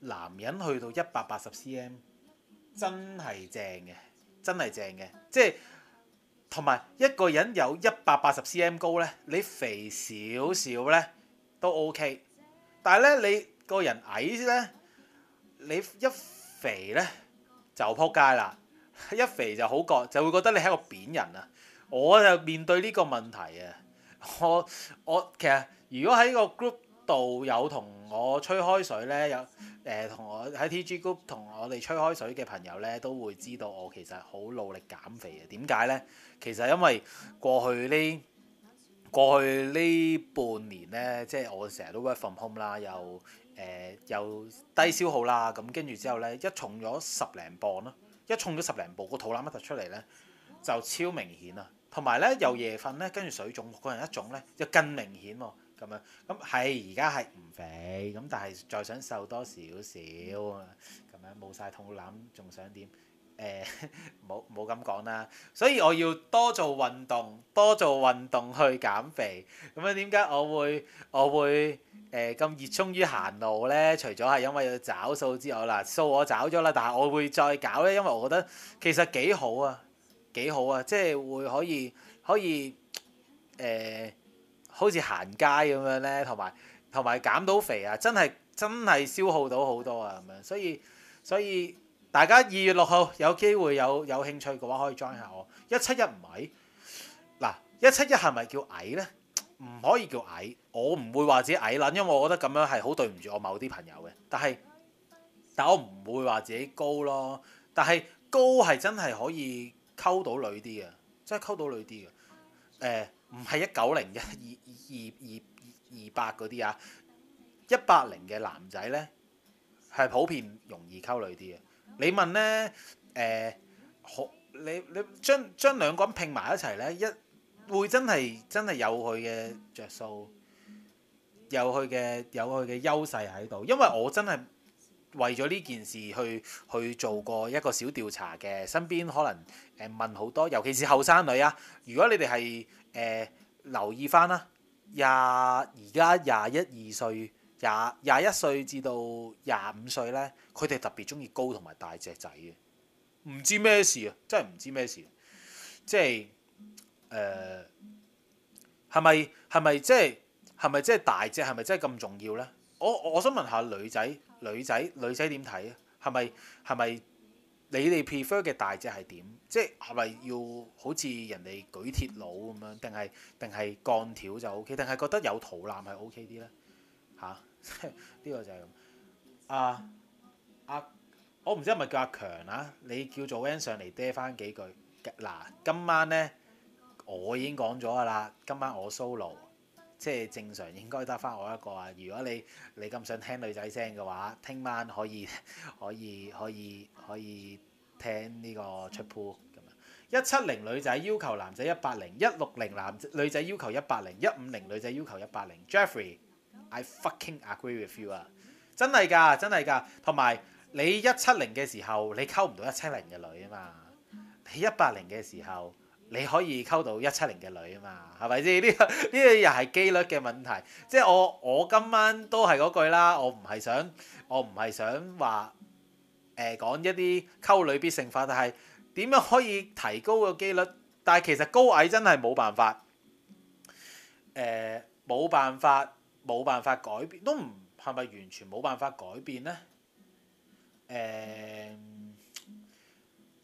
男人去到一百八十 cm 真係正嘅，真係正嘅。即係同埋一個人有一百八十 cm 高呢，你肥少少呢都 OK。但係咧，你個人矮啲咧，你一肥咧就撲街啦！一肥就好覺，就會覺得你係一個扁人啊！我就面對呢個問題啊！我我其實如果喺個 group 度有同我吹開水咧，有誒同、呃、我喺 TG group 同我哋吹開水嘅朋友咧，都會知道我其實好努力減肥嘅。點解咧？其實因為過去呢～過去呢半年咧，即係我成日都 work from home 啦，又、呃、誒又低消耗啦，咁跟住之後咧，一重咗十零磅咯，一重咗十零磅，個肚腩一突出嚟咧就超明顯喇！同埋咧又夜瞓咧，跟住水腫，個人一腫咧就更明顯喎，咁樣咁係而家係唔肥，咁但係再想瘦多少少啊，咁樣冇晒肚腩，仲想點？誒冇冇咁講啦，所以我要多做運動，多做運動去減肥。咁樣點解我會我會誒咁、呃、熱衷於行路咧？除咗係因為要找數之外，嗱數我找咗啦，但係我會再搞咧，因為我覺得其實幾好啊，幾好啊，即係會可以可以誒、呃，好似行街咁樣咧，同埋同埋減到肥啊，真係真係消耗到好多啊咁樣，所以所以。大家二月六號有機會有有興趣嘅話，可以 join 一下我一七一唔係嗱一七一係咪叫矮呢？唔可以叫矮，我唔會話自己矮撚，因為我覺得咁樣係好對唔住我某啲朋友嘅。但係但我唔會話自己高咯，但係高係真係可以溝到女啲嘅，真係溝到女啲嘅。誒唔係一九零一二二二二二百嗰啲啊，一百零嘅男仔呢，係普遍容易溝女啲嘅。你問咧，誒、呃，好你你將將兩個人拼埋一齊咧，一會真係真係有佢嘅着數，有佢嘅有佢嘅優勢喺度。因為我真係為咗呢件事去去做過一個小調查嘅，身邊可能誒問好多，尤其是後生女啊。如果你哋係誒留意返啦，廿而家廿一二歲。廿廿一歲至到廿五歲呢，佢哋特別中意高同埋大隻仔嘅，唔知咩事啊！真係唔知咩事啊，即係誒，係咪係咪即係係咪即係大隻係咪真係咁重要呢？我我想問下女仔女仔女仔點睇啊？係咪係咪你哋 prefer 嘅大隻係點？即係係咪要好似人哋舉鐵佬咁樣？定係定係鋼條就 O K？定係覺得有肚腩係 O K 啲呢？嚇，呢、啊這個就係咁啊！阿、啊、我唔知係咪叫阿強啊？你叫做、v、An 上嚟嗲翻幾句。嗱、啊，今晚咧我已經講咗㗎啦。今晚我 solo，即係正常應該得翻我一個啊。如果你你咁想聽女仔聲嘅話，聽晚可以可以可以可以聽呢個出 pool 咁樣，一七零女仔要求男仔一八零，一六零男女仔要求一八零，一五零女仔要求一八零，Jeffrey。I fucking agree with you 啊！真係噶，真係噶。同埋你一七零嘅時候，你溝唔到一七零嘅女啊嘛。你一八零嘅時候，你可以溝到一七零嘅女啊嘛，係咪先？呢個呢個又係機率嘅問題。即係我我今晚都係嗰句啦，我唔係想我唔係想話誒講一啲溝女必勝法，但係點樣可以提高個機率？但係其實高矮真係冇辦法，誒、呃、冇辦法。冇辦法改變，都唔係咪完全冇辦法改變呢？誒、呃，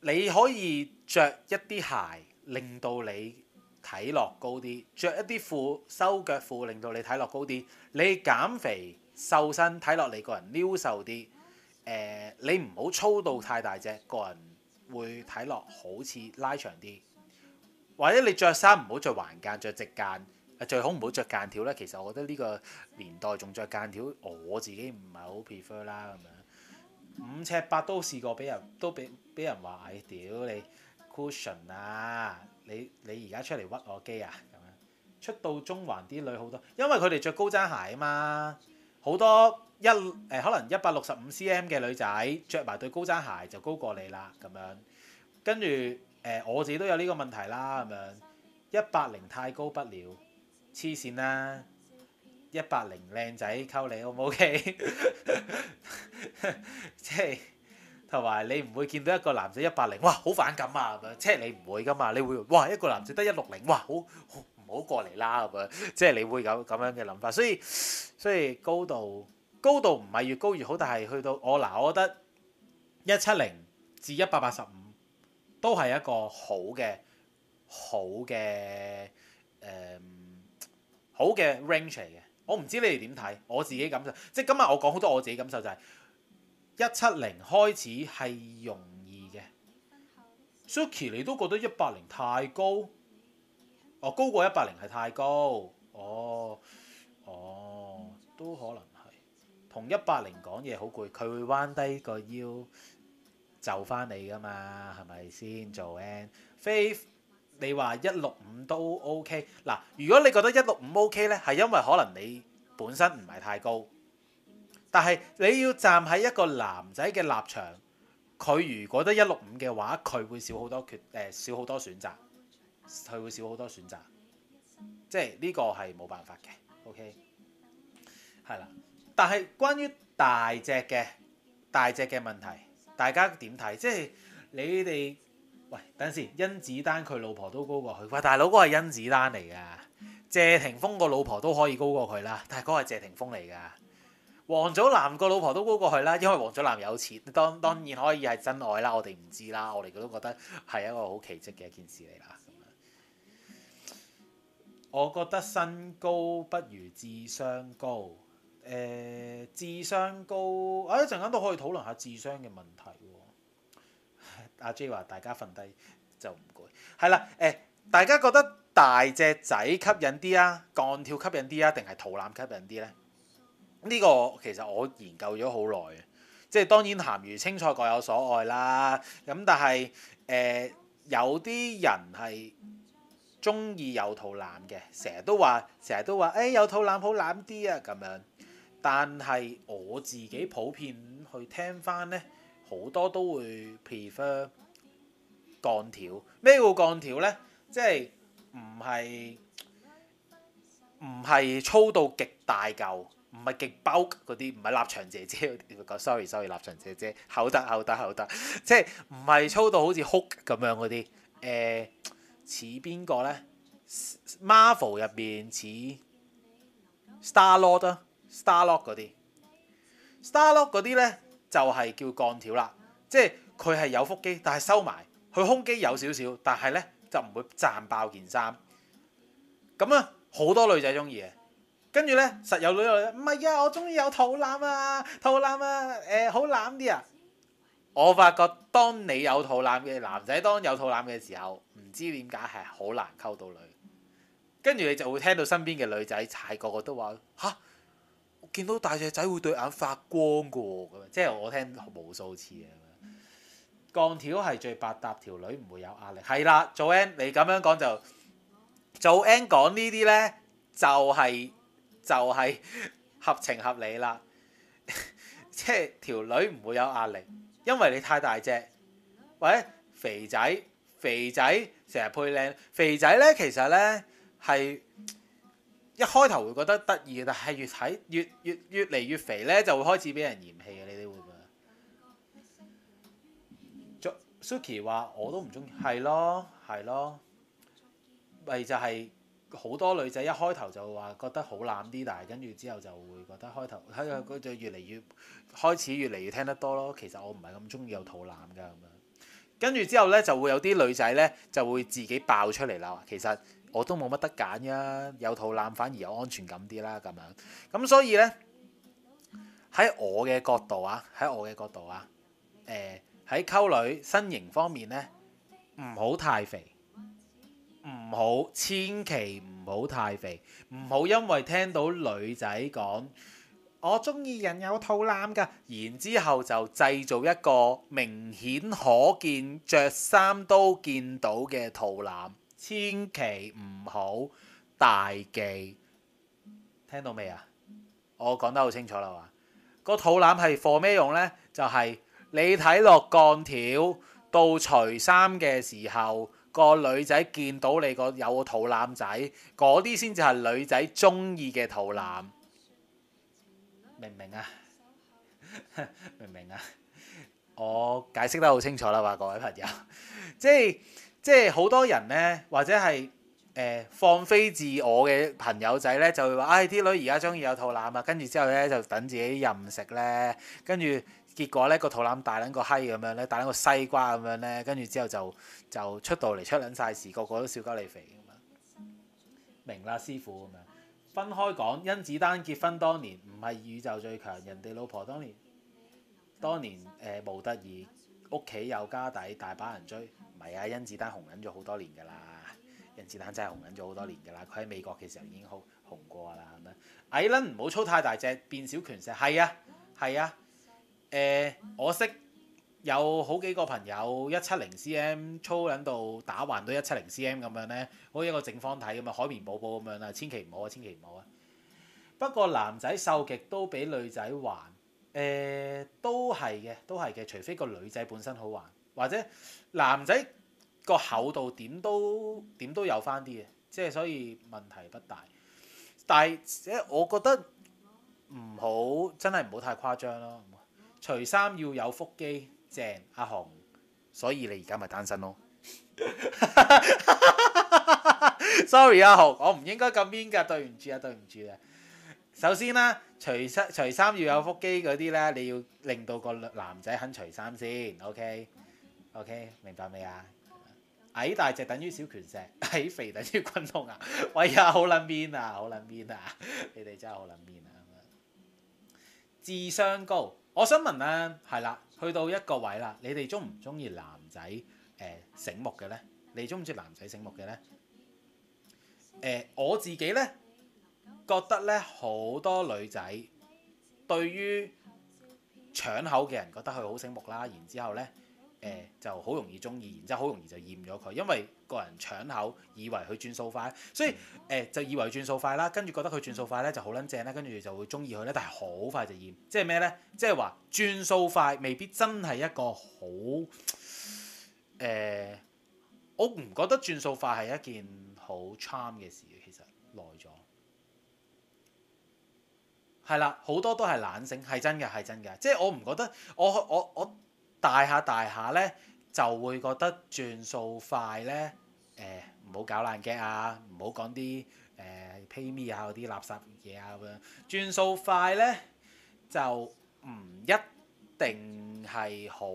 你可以着一啲鞋，令到你睇落高啲；着一啲褲，收腳褲，令到你睇落高啲。你減肥瘦身，睇落你個人嬌瘦啲。誒、呃，你唔好粗到太大隻，個人會睇落好似拉長啲。或者你着衫唔好着橫間，着直間。最好唔好着間條咧，其實我覺得呢個年代仲着間條，我自己唔係好 prefer 啦。咁樣五尺八都試過俾人，都俾俾人話，屌你 cushion 啊！你你而家出嚟屈我機啊！咁樣，出到中環啲女好多，因為佢哋着高踭鞋啊嘛。好多一誒、呃、可能一百六十五 cm 嘅女仔着埋對高踭鞋就高過你啦。咁樣跟住誒我自己都有呢個問題啦。咁樣，一百零太高不了。黐線啦！一百零靚仔溝你好唔好？OK，即係同埋你唔會見到一個男仔一百零，哇好反感啊咁樣，即係你唔會噶嘛？你會哇一個男仔得一六零，哇好，好，唔好過嚟啦咁樣，即係你會有咁樣嘅諗法。所以所以高度高度唔係越高越好，但係去到我嗱，我，我覺得一七零至一百八十五都係一個好嘅好嘅誒。嗯好嘅 range 嚟嘅，我唔知你哋點睇，我自己感受，即係今日我講好多我自己感受就係一七零開始係容易嘅，Suki、嗯、你都覺得一八零太高，哦高過一八零係太高，哦哦都可能係同一八零講嘢好攰，佢會彎低個腰就翻你噶嘛，係咪先做 N Faith？你話一六五都 OK 嗱，如果你覺得一六五 OK 呢係因為可能你本身唔係太高，但係你要站喺一個男仔嘅立場，佢如果得一六五嘅話，佢會少好多缺誒、呃，少好多選擇，佢會少好多選擇，即係呢個係冇辦法嘅，OK 係啦。但係關於大隻嘅大隻嘅問題，大家點睇？即係你哋。喂，等陣時，甄子丹佢老婆都高過佢，喂，大佬嗰係甄子丹嚟噶。謝霆鋒個老婆都可以高過佢啦，但係嗰個係謝霆鋒嚟噶。王祖藍個老婆都高過佢啦，因為王祖藍有錢，當當然可以係真愛啦，我哋唔知啦，我哋都覺得係一個好奇蹟嘅一件事嚟啦。我覺得身高不如智商高，誒、呃，智商高，啊一陣間都可以討論下智商嘅問題。阿 J 話：大家瞓低就唔攰，係啦。誒，大家覺得大隻仔吸引啲啊，鋼條吸引啲啊，定係肚腩吸引啲咧？呢、這個其實我研究咗好耐嘅，即係當然鹹魚青菜各有所愛啦。咁但係誒、呃，有啲人係中意有肚腩嘅，成日都話，成日都話，誒、欸、有肚腩好攬啲啊咁樣。但係我自己普遍去聽翻咧。好多都會 prefer 鋼條，咩叫鋼條呢？即係唔係唔係粗到極大嚿，唔係極包嗰啲，唔係臘腸姐姐 *laughs* sorry sorry 臘腸姐姐，口得口得口得， *laughs* 即係唔係粗到好似 hook 咁樣嗰啲。誒、呃，似邊個呢？Marvel 入邊似 Star Lord 啊，Star Lord 嗰啲，Star Lord 嗰啲呢？就係叫鋼條啦，即係佢係有腹肌，但係收埋，佢胸肌有少少，但係呢，就唔會攢爆件衫。咁啊，好多女仔中意嘅。跟住呢，實有女女唔係啊，我中意有肚腩啊，肚腩啊，誒、呃、好攬啲啊。我發覺當你有肚腩嘅男仔，當有肚腩嘅時候，唔知點解係好難溝到女。跟住你就會聽到身邊嘅女仔踩個個都話嚇。見到大隻仔會對眼發光㗎，咁即係我聽無數次啊！嗯、鋼條係最百搭，條女唔會有壓力。係啦、嗯，做 N 你咁樣講就做 N 講呢啲呢，就係、係、就係、係、合情合理啦。 *laughs* 即係條女唔會有壓力，因為你太大隻。喂，肥仔肥仔成日配靚肥仔呢，其實呢，係。一開頭會覺得得意嘅，但係越睇越越越嚟越肥咧，就會開始俾人嫌棄嘅。你哋會唔會？啊 Suki 話我都唔中意，係咯，係咯，咪 *music* 就係、是、好多女仔一開頭就話覺得好懶啲，但係跟住之後就會覺得開頭睇佢佢就越嚟越開始越嚟越聽得多咯。其實我唔係咁中意有肚腩噶咁樣。跟住之後咧就會有啲女仔咧就會自己爆出嚟啦。其實。我都冇乜得揀呀，有肚腩反而有安全感啲啦，咁樣。咁所以呢，喺我嘅角度啊，喺我嘅角度啊，誒、呃，喺溝女身形方面呢，唔好太肥，唔好，千祈唔好太肥，唔好因為聽到女仔講我中意人有肚腩㗎，然之後就製造一個明顯可見着衫都見到嘅肚腩。千祈唔好大忌，聽到未啊？我講得好清楚啦嘛。個肚腩係 for 咩用呢？就係你睇落鋼條到除衫嘅時候，個女仔見到你個有個肚腩仔，嗰啲先至係女仔中意嘅肚腩。明唔明啊？明唔明啊？我解釋得好清楚啦嘛，各位朋友，即係。即係好多人咧，或者係誒、呃、放飛自我嘅朋友仔咧，就會話：唉、哎，啲女而家中意有肚腩啊！跟住之後咧，就等自己任食咧，跟住結果咧，個肚腩大撚個閪咁樣咧，大撚個西瓜咁樣咧，跟住之後就就出到嚟出撚晒事，個個都笑鳩你肥咁樣。明啦，師傅咁樣分開講。甄子丹結婚當年唔係宇宙最強，人哋老婆當年當年誒冇、呃、得意，屋企有家底，大把人追。係啊，甄子丹紅撚咗好多年㗎啦，甄子丹真係紅撚咗好多年㗎啦。佢喺美國嘅時候已經好紅過啦。矮撚唔好操太大隻，變小拳石。係啊，係啊。誒、呃，我識有好幾個朋友一七零 cm 操撚到打橫到一七零 cm 咁樣咧，好似一個正方體咁啊，海綿寶寶咁樣啦。千祈唔好啊，千祈唔好啊。不過男仔瘦極都比女仔還誒、呃，都係嘅，都係嘅。除非個女仔本身好玩。或者男仔個厚度點都點都有翻啲嘅，即係所以問題不大。但係，我覺得唔好真係唔好太誇張咯。除衫要有腹肌，正阿紅，所以你而家咪單身咯。 *laughs* *laughs* Sorry 阿紅，我唔應該咁 mean 㗎，對唔住啊，對唔住啊。首先啦，除衫除衫要有腹肌嗰啲咧，你要令到個男仔肯除衫先，OK。O.K. 明白未啊？矮大隻等於小拳石，矮肥等於昆蟲、哎、啊。喂呀，好撚面啊，好撚面啊！你哋真係好撚面啊咁樣。智商高，我想問咧、啊，係啦，去到一個位啦，你哋中唔中意男仔誒、呃、醒目嘅咧？你中唔中意男仔醒目嘅咧？誒、呃，我自己咧覺得咧，好多女仔對於搶口嘅人覺得佢好醒目啦，然之後咧。誒、呃、就好容易中意，然之後好容易就厭咗佢，因為個人搶口以為佢轉數快，所以誒、嗯呃、就以為轉數快啦，跟住覺得佢轉數快咧就好撚正啦，跟住就會中意佢咧，但係好快就厭，即係咩咧？即係話轉數快未必真係一個好誒、呃，我唔覺得轉數快係一件好 charm 嘅事，其實耐咗係啦，好多都係懶性，係真嘅，係真嘅，即係我唔覺得，我我我。我大下大下咧，就會覺得轉數快咧。誒、呃，唔好搞爛鏡啊，唔好講啲誒 pay me 啊嗰啲垃圾嘢啊咁樣。轉數快咧，就唔一定係好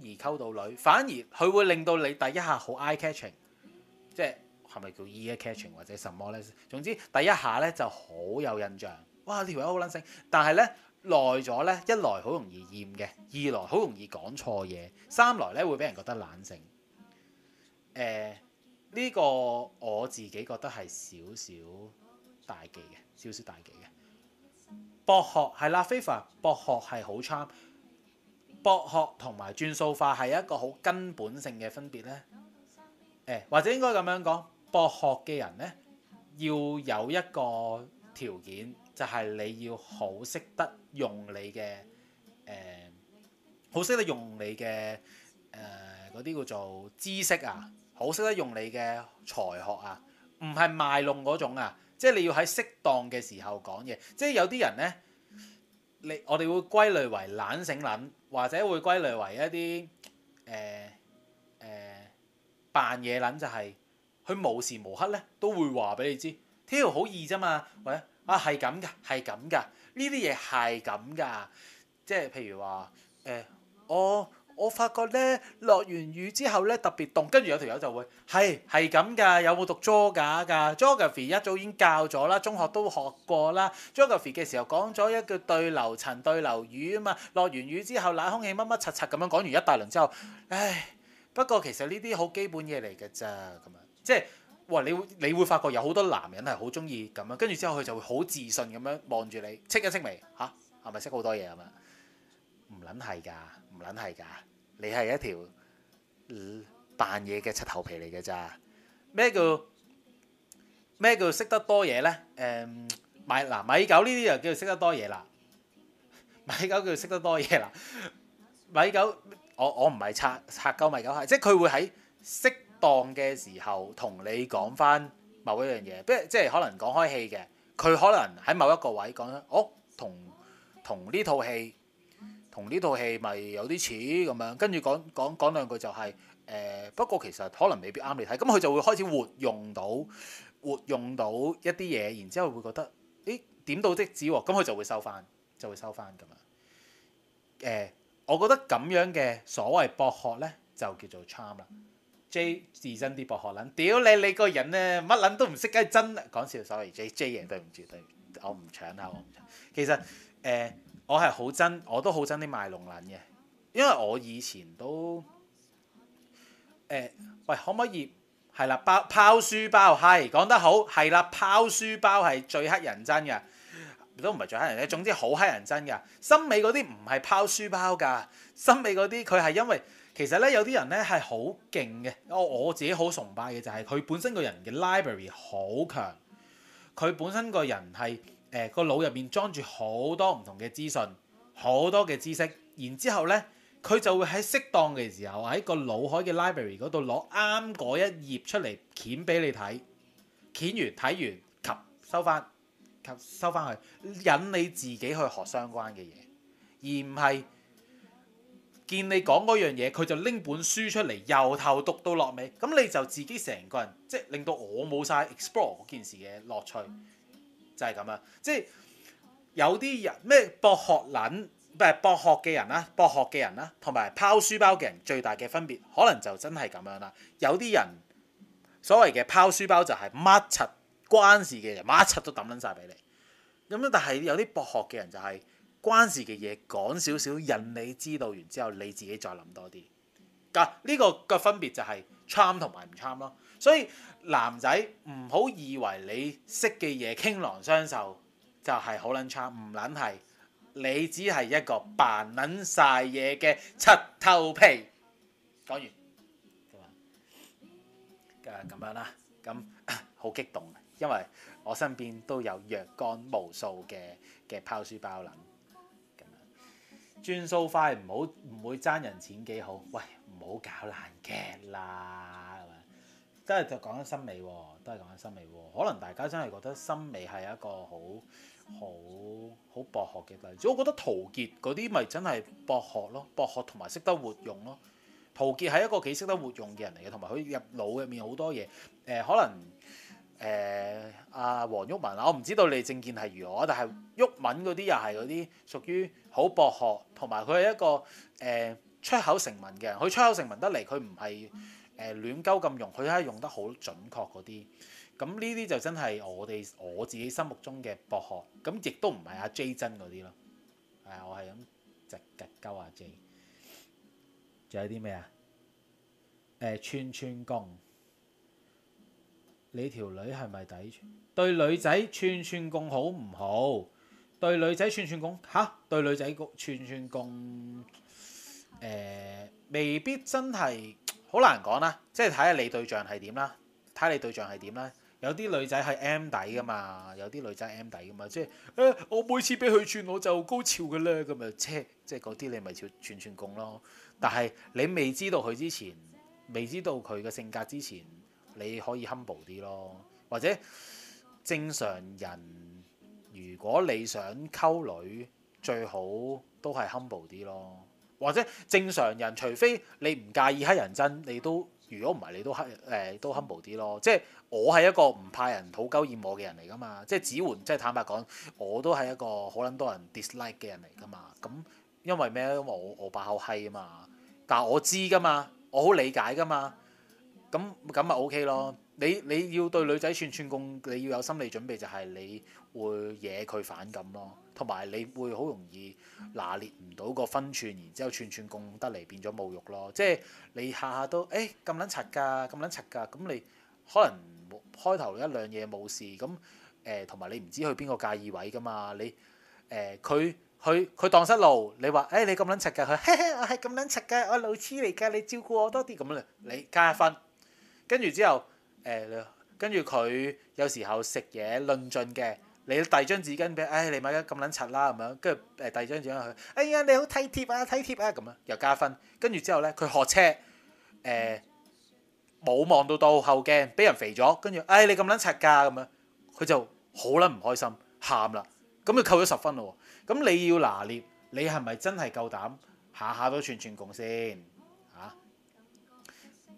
易溝到女，反而佢會令到你第一下好 eye catching，即係係咪叫 eye catching 或者什麼咧？總之第一下咧就好有印象。哇！呢條好撚醒，但係咧。耐咗呢，一來好容易厭嘅；二來好容易講錯嘢；三來咧會俾人覺得冷靜。誒、呃，呢、這個我自己覺得係少少大忌嘅，少少大忌嘅。博學係啦非 i 博學係好 charm。博學同埋轉數化係一個好根本性嘅分別咧、呃。或者應該咁樣講，博學嘅人呢，要有一個條件。就係你要好識得用你嘅誒，好識得用你嘅誒嗰啲叫做知識啊，好識得用你嘅才學啊，唔係賣弄嗰種啊，即係你要喺適當嘅時候講嘢。即係有啲人咧，你我哋會歸類為懶醒撚，或者會歸類為一啲誒誒扮嘢撚，呃呃、就係、是、佢無時無刻咧都會話俾你知呢條好易啫嘛，或者。啊，係咁噶，係咁噶，呢啲嘢係咁噶，即係譬如話，誒、欸，我我發覺咧落完雨之後咧特別凍，跟住有條友就會係係咁噶，有冇讀 joa 噶？Geography 一早已經教咗啦，中學都學過啦。Geography 嘅時候講咗一句對流層對流雨啊嘛，落完雨之後冷空氣乜乜柒柒咁樣講完一大輪之後，唉，不過其實呢啲好基本嘢嚟嘅咋，咁啊，即係。哇！你會你會發覺有好多男人係好中意咁樣，跟住之後佢就會好自信咁樣望住你，戚一戚眉吓，係咪識好多嘢咁樣？唔撚係㗎，唔撚係㗎，你係一條扮嘢嘅柒頭皮嚟嘅咋。咩叫咩叫識得多嘢咧？誒，米嗱米狗呢啲就叫做識得多嘢啦，米狗叫做識得多嘢啦，米狗，我我唔係拆拆鳩米狗係，即係佢會喺識當嘅時候同你講翻某一樣嘢，即、就、即、係、可能講開戲嘅，佢可能喺某一個位講，哦，同同呢套戲，同呢套戲咪有啲似咁樣，跟住講講講兩句就係、是，誒、呃、不過其實可能未必啱你睇，咁佢就會開始活用到活用到一啲嘢，然之後會覺得，誒點到即止喎、哦，咁佢就會收翻，就會收翻咁樣。誒、呃，我覺得咁樣嘅所謂博學呢，就叫做 charm 啦。J 自憎啲博學撚，屌你你個人咧，乜撚都唔識，梗係真啦！講笑，所謂 J J 爺對唔住對，我唔搶喇，我唔搶。其實誒、呃、我係好憎，我都好憎啲賣弄撚嘅，因為我以前都誒、呃、喂可唔可以係啦？包，拋書包係講得好，係啦，拋書包係最乞人憎嘅，都唔係最乞人憎，總之好乞人憎嘅。森美嗰啲唔係拋書包噶，森美嗰啲佢係因為。其實咧，有啲人咧係好勁嘅，我我自己好崇拜嘅就係佢本身個人嘅 library 好強，佢本身個人係誒個腦入面裝住好多唔同嘅資訊，好多嘅知識，然之後咧佢就會喺適當嘅時候喺個腦海嘅 library 嗰度攞啱嗰一頁出嚟鉗俾你睇，鉗完睇完及收翻及收翻去引你自己去學相關嘅嘢，而唔係。見你講嗰樣嘢，佢就拎本書出嚟由頭讀到落尾，咁你就自己成個人，即係令到我冇晒 explore 嗰件事嘅樂趣，就係咁樣。即係有啲人咩博學撚，唔係博學嘅人啦，博學嘅人啦，同埋拋書包嘅人最大嘅分別，可能就真係咁樣啦。有啲人所謂嘅拋書包就抹係乜柒關事嘅人，乜柒都抌撚晒俾你。咁樣，但係有啲博學嘅人就係，關事嘅嘢講少少，引你知道完之後，你自己再諗多啲。噶呢個嘅分別就係 charm 同埋唔 charm 咯。所以男仔唔好以為你識嘅嘢傾囊相授就係好撚 charm 唔撚係。你只係一個扮撚晒嘢嘅七頭皮。講完，咁啊，咁樣啦，咁好激動因為我身邊都有若干無數嘅嘅拋書包撚。專 s 轉數快唔好唔會爭人錢幾好？喂，唔好搞爛劇啦！係咪？真係就講緊心理喎，都係講緊心理喎。可能大家真係覺得心理係一個好好好博學嘅例子。我覺得陶傑嗰啲咪真係博學咯，博學同埋識得活用咯。陶傑係一個幾識得活用嘅人嚟嘅，同埋佢入腦入面好多嘢。誒、呃，可能誒阿黃郁文啊，文我唔知道你政見係如何，但係郁文嗰啲又係嗰啲屬於。好博學，同埋佢係一個誒、呃、出口成文嘅人，佢出口成文得嚟，佢唔係誒亂鳩咁用，佢係用得好準確嗰啲。咁呢啲就真係我哋我自己心目中嘅博學。咁亦都唔係阿 J 真嗰啲咯。係、哎、啊，我係咁直嘅鳩阿 J。仲有啲咩啊？誒，串串工，你條女係咪抵寸？對女仔串串工好唔好？對女仔串串供嚇，對女仔串串供，誒、呃、未必真係好難講啦，即係睇下你對象係點啦，睇你對象係點啦。有啲女仔係 M 底㗎嘛，有啲女仔 M 底㗎嘛，即係誒、哎、我每次俾佢串我就高潮㗎喇，咁啊即係即係嗰啲你咪串串串供咯。但係你未知道佢之前，未知道佢嘅性格之前，你可以 humble 啲咯，或者正常人。如果你想溝女，最好都係 humble 啲咯，或者正常人，除非你唔介意乞人憎，你都如果唔係你都乞誒、呃、都 humble 啲咯。即係我係一個唔怕人討鳩厭我嘅人嚟㗎嘛。即係只換即係坦白講，我都係一個好撚多人 dislike 嘅人嚟㗎嘛。咁、嗯、因為咩因為我我把口閪啊嘛，但係我知㗎嘛，我好理解㗎嘛。咁咁咪 OK 咯。你你要對女仔串串貢，你要有心理準備，就係你。會惹佢反感咯，同埋你會好容易拿捏唔到個分寸，然之後串串共得嚟變咗侮辱咯。即係你下下都誒咁撚柒㗎，咁撚柒㗎，咁、嗯、你可能開頭一兩嘢冇事，咁誒同埋你唔知去邊個介意位㗎嘛？你誒佢佢佢蕩失路，你話誒、欸、你咁撚柒㗎，佢嘿嘿我係咁撚柒㗎，我，我老痴嚟㗎，你照顧我多啲咁啦，你加分。跟住之後誒，跟住佢有時候食嘢論盡嘅。你,你,、哎、你遞張紙巾俾，唉，你咪咁撚柒啦，咁樣跟住誒第二張紙巾去，哎呀你好體貼,貼啊體貼,貼啊咁樣又加分。跟住之後咧，佢學車誒冇望到倒後鏡，俾人肥咗，跟住唉你咁撚柒㗎咁樣，佢就好撚唔開心，喊啦咁佢扣咗十分咯。咁你要拿捏你係咪真係夠膽下下都串串共先嚇、啊？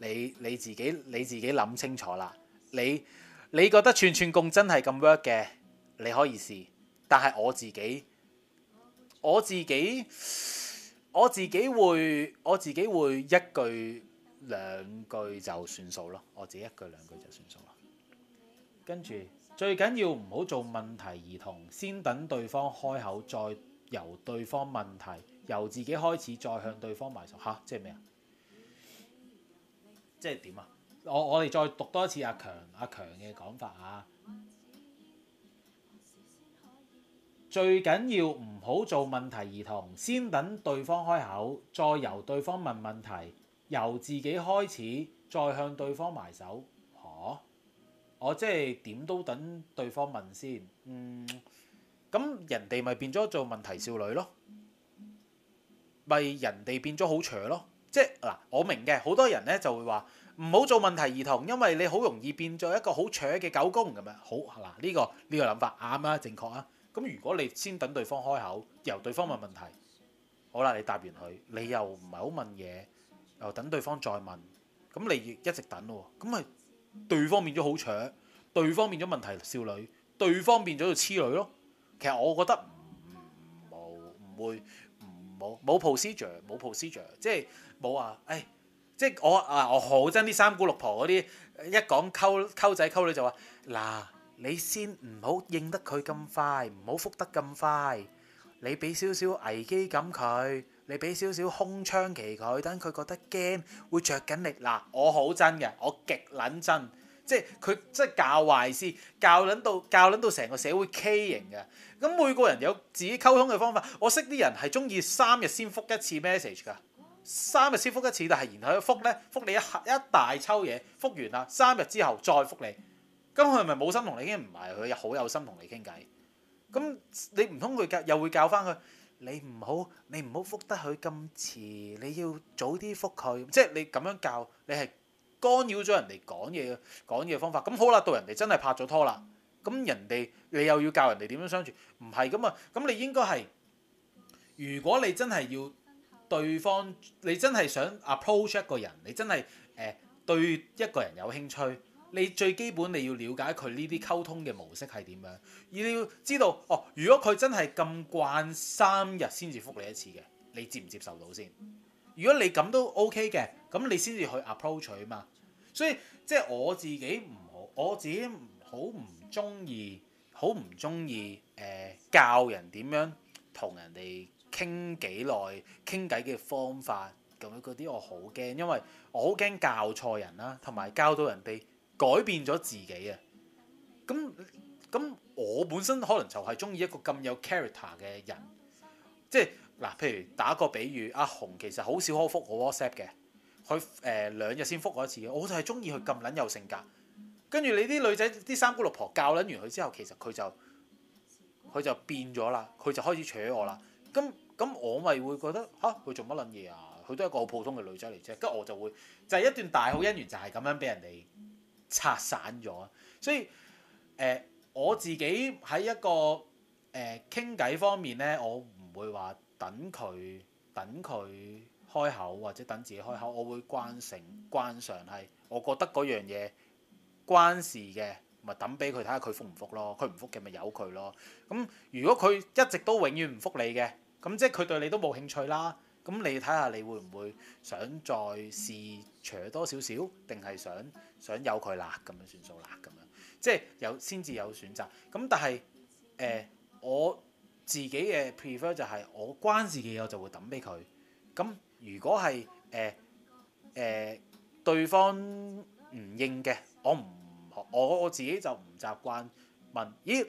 你你自己你自己諗清楚啦。你你覺得串串共真係咁 work 嘅？你可以試，但係我自己，我自己，我自己會我自己會一句兩句就算數咯。我自己一句兩句就算數啦。跟住最緊要唔好做問題兒童，先等對方開口，再由對方問題由自己開始，再向對方埋伏。嚇，即係咩啊？即係點啊？我我哋再讀多一次阿強阿強嘅講法啊！最緊要唔好做問題兒童，先等對方開口，再由對方問問題，由自己開始，再向對方埋手。吓、啊，我即係點都等對方問先。嗯，咁人哋咪變咗做問題少女咯，咪人哋變咗好扯咯。即係嗱，我明嘅，好多人咧就會話唔好做問題兒童，因為你好容易變咗一個好扯嘅狗公咁樣。好嗱，呢、呢個呢、呢個諗法啱啦，正確啊。咁如果你先等對方開口，由對方問問題，好啦，你答完佢，你又唔係好問嘢，又等對方再問，咁你一直等咯喎，咁咪對方變咗好搶，對方變咗問題少女，對方變咗就痴女咯。其實我覺得唔冇，唔、嗯、會，唔冇，冇 procedure，冇 procedure，即係冇啊！誒、哎，即係我啊，我好憎啲三姑六婆嗰啲一講溝溝仔溝女就話嗱。你先唔好應得佢咁快，唔好復得咁快。你俾少少危機感佢，你俾少少空窗期佢，等佢覺得驚，會着緊力。嗱，我好真嘅，我極撚真，即係佢即係教壞先，教撚到教撚到成個社會畸形嘅。咁每個人有自己溝通嘅方法。我識啲人係中意三日先復一次 message 噶，三日先復一次，但係然後佢復咧，復你一一大抽嘢，復完啦，三日之後再復你。咁佢係咪冇心同你傾？唔係佢好有心同你傾偈。咁你唔通佢又會教返佢？你唔好，你唔好覆得佢咁遲。你要早啲覆佢，即係你咁樣教，你係干擾咗人哋講嘢講嘢方法。咁好啦，到人哋真係拍咗拖啦。咁人哋你又要教人哋點樣相處？唔係咁啊。咁你應該係，如果你真係要對方，你真係想 approach 一個人，你真係誒、呃、對一個人有興趣。你最基本你要了解佢呢啲溝通嘅模式係點樣，而你要知道哦。如果佢真係咁慣三日先至覆你一次嘅，你接唔接受到先？如果你咁都 OK 嘅，咁你先至去 approach 佢嘛。所以即係、就是、我自己唔好，我自己好唔中意，好唔中意誒教人點樣同人哋傾幾耐、傾偈嘅方法咁樣嗰啲，我好驚，因為我好驚教錯人啦，同埋教到人哋。改變咗自己啊！咁咁，我本身可能就係中意一個咁有 character 嘅人，即係嗱，譬如打個比喻，阿紅其實好少可覆我 WhatsApp 嘅，佢誒、呃、兩日先覆我一次，我就係中意佢咁撚有性格。跟住你啲女仔啲三姑六婆教撚完佢之後，其實佢就佢就變咗啦，佢就開始娶我啦。咁咁，我咪會覺得吓，佢做乜撚嘢啊？佢、啊、都係一個好普通嘅女仔嚟啫，跟住我就會就係、是、一段大好姻緣就係咁樣俾人哋。拆散咗，所以誒、呃、我自己喺一個誒傾偈方面咧，我唔會話等佢等佢開口或者等自己開口，我會慣成慣常係我覺得嗰樣嘢關事嘅，咪等俾佢睇下佢復唔復咯。佢唔復嘅咪由佢咯。咁如果佢一直都永遠唔復你嘅，咁即係佢對你都冇興趣啦。咁你睇下你會唔會想再試除多少少，定係想？想有佢啦，咁樣算數啦，咁樣即係有先至有選擇。咁但係誒、呃、我自己嘅 prefer 就係、是、我關事嘅嘢我就會抌俾佢。咁、嗯、如果係誒誒對方唔應嘅，我唔我我自己就唔習慣問咦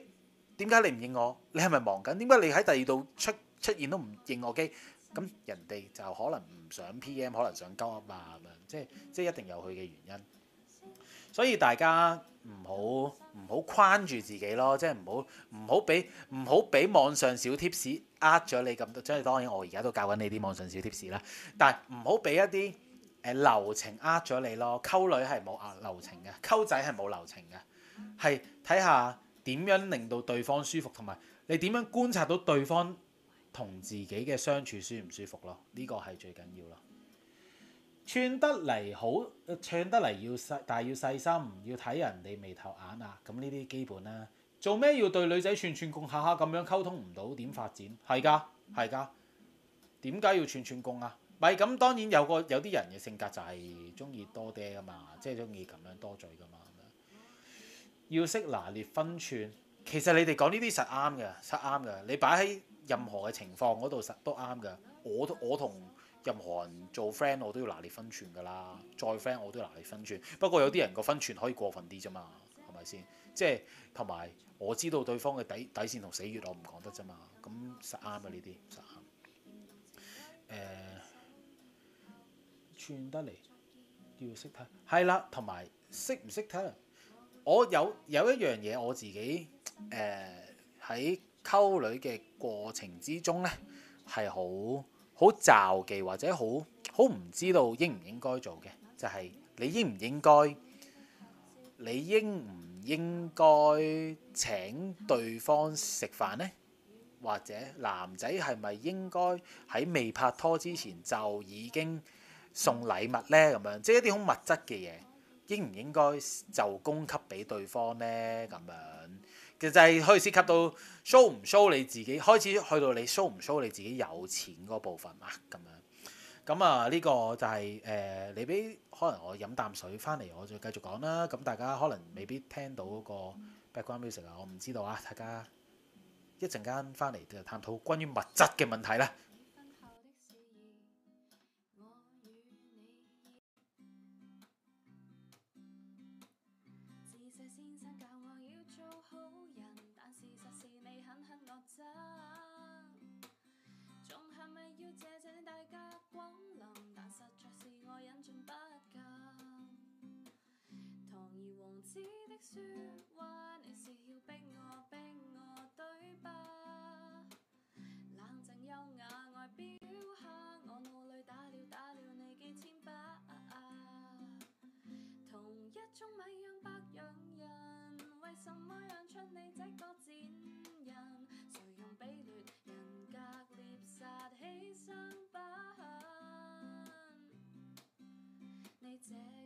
點解你唔應我？你係咪忙緊？點解你喺第二度出出現都唔應我嘅？咁、嗯、人哋就可能唔想 PM，可能想溝啊嘛咁樣，即係即係一定有佢嘅原因。所以大家唔好唔好框住自己咯，即係唔好唔好俾唔好俾網上小貼士呃咗你咁多。即係當然我而家都教緊你啲網上小貼士啦。但係唔好俾一啲誒流程呃咗你咯，溝女係冇啊流程嘅，溝仔係冇流程嘅，係睇下點樣令到對方舒服同埋你點樣觀察到對方同自己嘅相處舒唔舒服咯。呢個係最緊要咯。串得嚟好，唱得嚟要細，但係要細心，要睇人哋眉頭眼啊！咁呢啲基本啦、啊。做咩要對女仔串串共下下咁樣溝通唔到？點發展？係㗎，係㗎。點解要串串共啊？咪咁當然有個有啲人嘅性格就係中意多爹㗎嘛，即係中意咁樣多嘴㗎嘛。要識拿捏分寸，其實你哋講呢啲實啱嘅，實啱嘅。你擺喺任何嘅情況嗰度實都啱㗎。我我同。任何人做 friend 我都要拿捏分寸噶啦，再 friend 我都要拿捏分寸。不過有啲人個分寸可以過分啲啫嘛，係咪先？即係同埋我知道對方嘅底底線同死穴我而已而已，我唔講得啫嘛。咁實啱呀，呢啲實啱。誒，串得嚟要識睇，係啦。同埋識唔識睇？我有有一樣嘢我自己誒喺、呃、溝女嘅過程之中咧係好。好招忌，或者好好唔知道應唔應該做嘅，就係、是、你應唔應該你應唔應該請對方食飯呢？或者男仔係咪應該喺未拍拖之前就已經送禮物呢？咁樣即係一啲好物質嘅嘢，應唔應該就供給俾對方呢？咁樣。其實係可以涉及到 show 唔 show 你自己，開始去到你 show 唔 show 你自己有錢嗰部分嘛，咁、啊、樣咁啊呢、呢個就係、是、誒、呃、你俾可能我飲啖水翻嚟，我再繼續講啦。咁大家可能未必聽到嗰個 background music 啊，我唔知道啊。大家一陣間翻嚟就探討關於物質嘅問題啦。的説話你是要逼我逼我對吧？冷靜優雅外表下，我腦裏打了打了你幾千巴。同一種米養百樣人，為什麼養出你這個賤人？誰用卑劣人格獵殺犧牲品？你這。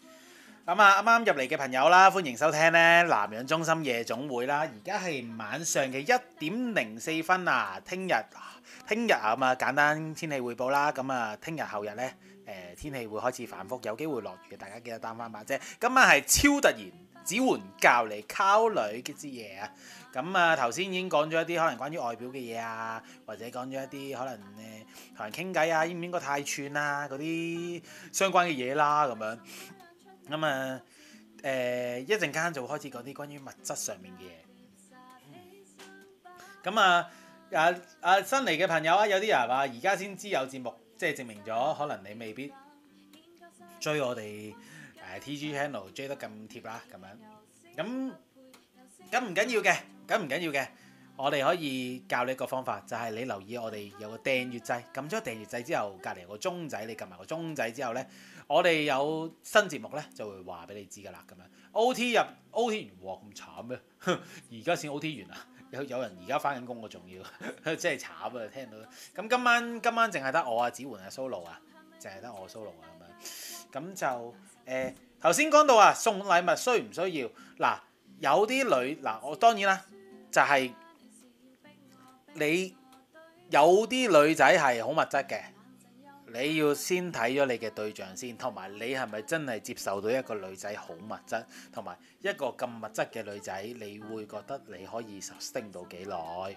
咁啊，啱啱入嚟嘅朋友啦，歡迎收聽咧《南洋中心夜總會》啦。而家係晚上嘅一點零四分啊。聽日，聽日啊，咁啊，簡單天氣彙報啦。咁啊，聽日後日咧，誒天氣會開始反覆，有機會落雨嘅，大家記得擔翻把遮。今晚係超突然，子桓教你溝女嘅啲嘢啊。咁啊，頭先已經講咗一啲可能關於外表嘅嘢啊，或者講咗一啲可能誒同人傾偈啊，應唔應該太串啊嗰啲相關嘅嘢啦，咁樣。咁、嗯、啊，誒一陣間就會開始講啲關於物質上面嘅嘢。咁、嗯嗯、啊，啊啊新嚟嘅朋友啊，有啲人話，而家先知有節目，即係證明咗可能你未必追我哋誒、啊、T G Channel 追得咁貼啦。咁樣咁咁唔緊要嘅，咁唔緊要嘅，我哋可以教你一個方法，就係、是、你留意我哋有個訂閲掣，撳咗訂閲掣之後，隔離有個鐘仔，你撳埋個鐘仔之後咧。我哋有新節目咧，就會話俾你知噶啦咁樣。O T 入 O T 完喎，咁慘咩？而家先 O T 完啊！有有人而家返緊工，我仲要，真係慘啊！聽到，咁今晚今晚淨係得我啊子桓啊 solo 啊，淨係得我 solo 啊咁樣。咁就誒頭先講到啊，送禮物需唔需要？嗱，有啲女嗱，我當然啦，就係、係、你有啲女仔係好物質嘅。你要先睇咗你嘅對象先，同埋你係咪真係接受到一個女仔好物質，同埋一個咁物質嘅女仔，你會覺得你可以 sustain 到幾耐？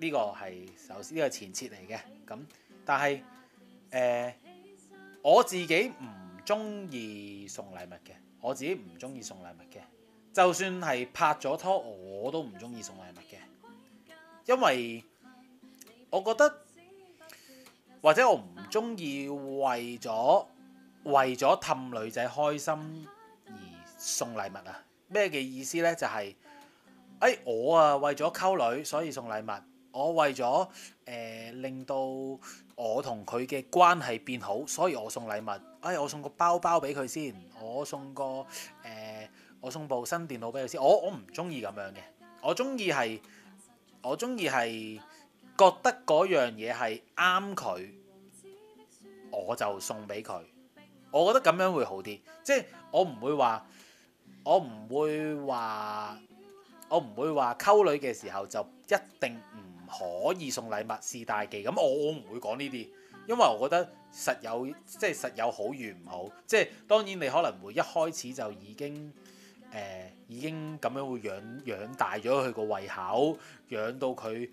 呢個係首先呢個前設嚟嘅。咁但係誒、呃，我自己唔中意送禮物嘅，我自己唔中意送禮物嘅。就算係拍咗拖，我都唔中意送禮物嘅，因為我覺得。或者我唔中意為咗為咗氹女仔開心而送禮物啊？咩嘅意思呢？就係、是，誒、哎、我啊為咗溝女所以送禮物，我為咗、呃、令到我同佢嘅關係變好，所以我送禮物。誒、哎、我送個包包俾佢先，我送個、呃、我送部新電腦俾佢先。我我唔中意咁樣嘅，我中意係，我中意係。我覺得嗰樣嘢係啱佢，我就送俾佢。我覺得咁樣會好啲，即係我唔會話，我唔會話，我唔會話溝女嘅時候就一定唔可以送禮物係大忌。咁我我唔會講呢啲，因為我覺得實有即係實有好與唔好。即係當然你可能會一開始就已經誒、呃、已經咁樣會養養大咗佢個胃口，養到佢。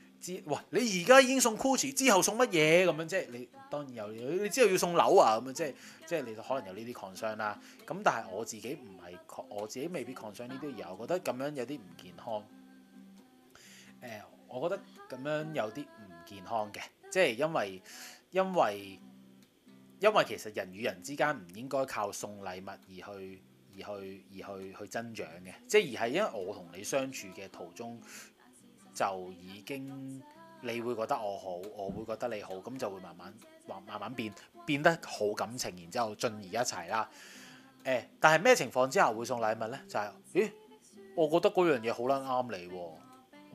哇！你而家已經送 Gucci 之後送乜嘢咁樣？即係你當然有，你之後要送樓啊咁樣，即係即係你可能有呢啲 concern 啦。咁但係我自己唔係我自己未必 concern 呢啲嘢。我覺得咁樣有啲唔健康。呃，我覺得咁樣有啲唔健康嘅，即係因為因為因為其實人與人之間唔應該靠送禮物而去而去而去而去增長嘅，即係而係因為我同你相處嘅途中。就已經，你會覺得我好，我會覺得你好，咁就會慢慢，慢慢慢變，變得好感情，然之後進而一齊啦、哎。但係咩情況之下會送禮物呢？就係、是，咦，我覺得嗰樣嘢好撚啱你，我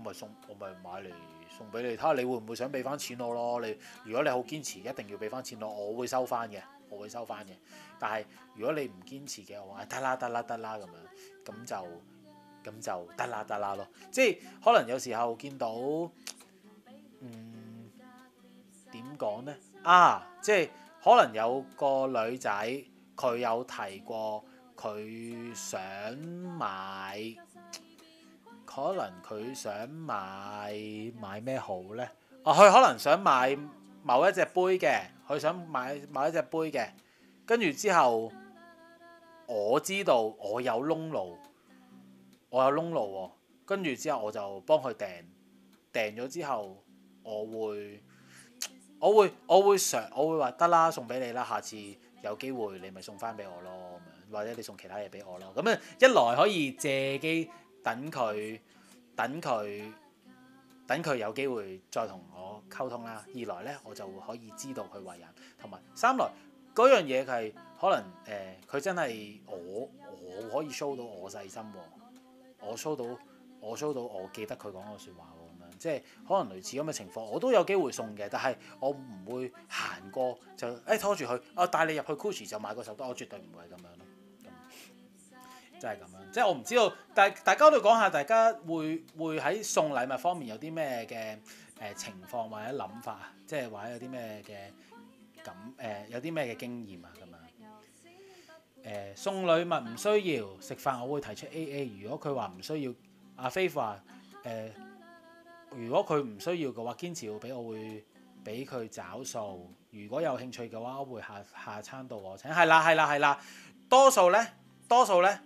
咪送，我咪買嚟送俾你，睇下你會唔會想俾翻錢我咯？你如果你好堅持，一定要俾翻錢我，我會收翻嘅，我會收翻嘅。但係如果你唔堅持嘅，我話得啦得啦得啦咁樣，咁就。咁就得啦得啦咯，即係可能有時候見到，嗯，點講呢？啊，即係可能有個女仔，佢有提過佢想買，可能佢想買買咩好呢？啊，佢可能想買某一隻杯嘅，佢想買買一隻杯嘅，跟住之後我知道我有窿路。我有窿路喎，跟住之後我就幫佢訂，訂咗之後我會，我會我會常我會話得啦，送俾你啦，下次有機會你咪送翻俾我咯，或者你送其他嘢俾我咯。咁啊一來可以借機等佢等佢等佢有機會再同我溝通啦，二來呢，我就會可以知道佢為人，同埋三來嗰樣嘢係可能誒佢、呃、真係我我可以 show 到我細心喎。我搜到，我搜到，我記得佢講個說話，咁樣即係可能類似咁嘅情況，我都有機會送嘅，但係我唔會行過就誒、欸、拖住佢，我帶你入去 Gucci 就買個手袋，我絕對唔會係咁樣咯，咁真係咁樣，即係我唔知道，但大家都講下，大家會會喺送禮物方面有啲咩嘅誒情況或者諗法啊，即係或者有啲咩嘅感誒、呃、有啲咩嘅經驗啊？送禮物唔需要食飯，我會提出 AA, A、F、A、呃。如果佢話唔需要，阿飛話如果佢唔需要嘅話，堅持要俾我，我會俾佢找數。如果有興趣嘅話，我會下下餐到我請。係啦、啊，係啦、啊，係啦、啊。多數、啊、呢，多數呢，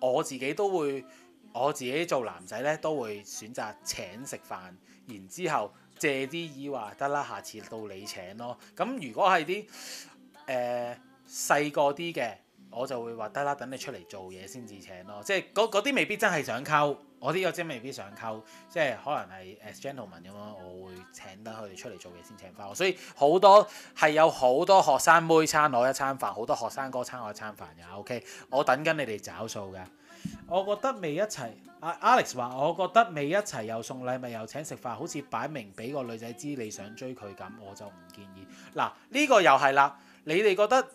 我自己都會我自己做男仔呢，都會選擇請，請食飯，然之後借啲意話得啦，下次到你請咯。咁如果係啲誒細個啲嘅。呃我就會話得啦，等你出嚟做嘢先至請咯，即係嗰啲未必真係想溝，我啲又真未必想溝，即係可能係 as gentleman 咁樣，我會請得佢哋出嚟做嘢先請翻我，所以好多係有好多學生妹餐我一餐飯，好多學生哥餐我一餐飯嘅，OK，我等緊你哋找數嘅。我覺得未一齊，阿 Alex 話我覺得未一齊又送禮物又請食飯，好似擺明俾個女仔知你想追佢咁，我就唔建議。嗱呢個又係啦，你哋覺得？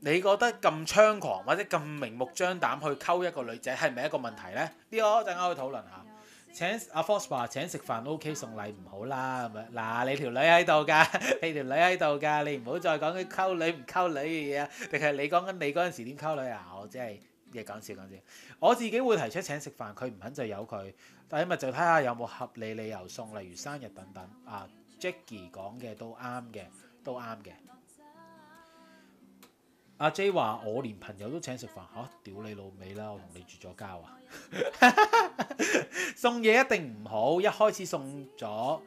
你覺得咁猖狂或者咁明目張膽去溝一個女仔係咪一個問題呢？呢個陣間去討論下。請阿、啊、Fox 話請食飯 OK 送禮唔好啦。咁啊嗱，你條女喺度㗎，你條女喺度㗎，你唔好再講佢溝女唔溝女嘅嘢，啊，定係你講緊你嗰陣時點溝女啊？我即係講笑講笑。我自己會提出請食飯，佢唔肯就由佢。第二咪就睇下有冇合理理由送，例如生日等等。啊 Jackie 講嘅都啱嘅，都啱嘅。阿 J 話：我連朋友都請食飯嚇、啊，屌你老味啦！我同你絕咗交啊！ *laughs* 送嘢一定唔好，一開始送咗，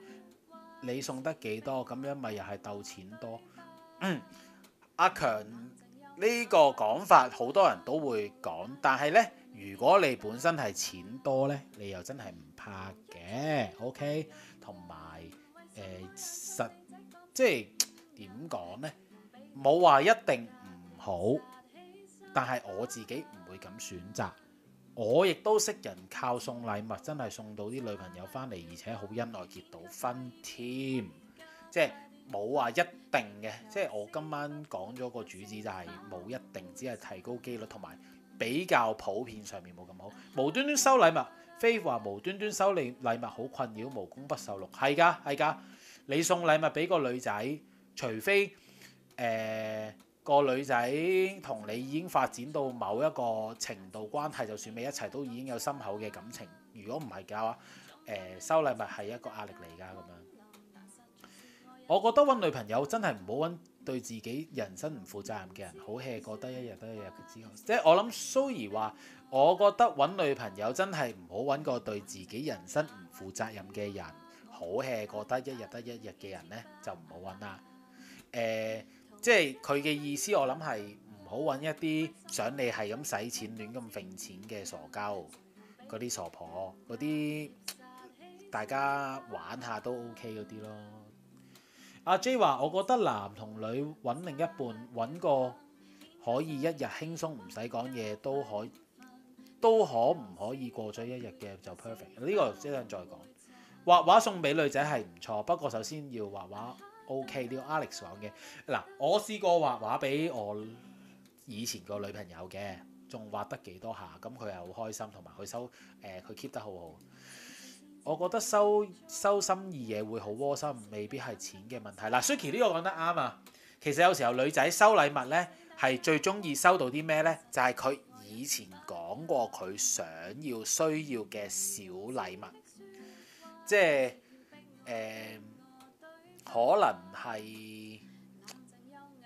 你送得幾多，咁樣咪又係鬥錢多。阿、嗯啊、強呢個講法好多人都會講，但係呢，如果你本身係錢多呢，你又真係唔怕嘅。OK，同埋誒實即係點講呢？冇話一定。好，但係我自己唔會咁選擇。我亦都識人靠送禮物，真係送到啲女朋友返嚟，而且好恩愛結到婚添。即係冇話一定嘅，即係我今晚講咗個主旨就係冇一定，只係提高機率，同埋比較普遍上面冇咁好。無端端收禮物，非話無端端收禮禮物，好困擾，無功不受祿。係㗎，係㗎。你送禮物俾個女仔，除非誒。呃個女仔同你已經發展到某一個程度關係，關係就算未一齊，都已經有深厚嘅感情。如果唔係嘅話，誒、呃、收禮物係一個壓力嚟噶咁樣。 *noise* 我覺得揾女朋友真係唔好揾對自己人生唔負責任嘅人， *noise* 好 hea 覺得一日得一日嘅，即係我諗。蘇兒話：，我覺得揾女朋友真係唔好揾個對自己人生唔負責任嘅人，好 hea 覺得一日得一日嘅人呢，就唔好揾啦。誒、呃。即係佢嘅意思，我諗係唔好揾一啲想你係咁使錢亂、亂咁揈錢嘅傻鳩，嗰啲傻婆，嗰啲大家玩下都 OK 嗰啲咯。阿 J 話，我覺得男同女揾另一半，揾個可以一日輕鬆唔使講嘢，都可都可唔可以過咗一日嘅就 perfect。呢個即刻再講。畫畫送俾女仔係唔錯，不過首先要畫畫。OK，呢個 Alex 講嘅。嗱，我試過畫畫俾我以前個女朋友嘅，仲畫得幾多下，咁佢係好開心，同埋佢收，誒佢 keep 得好好。我覺得收收心意嘢會好窩心，未必係錢嘅問題。嗱，Suki 呢個講得啱啊，其實有時候女仔收禮物咧，係最中意收到啲咩咧？就係、是、佢以前講過佢想要需要嘅小禮物，即係誒。呃可能係，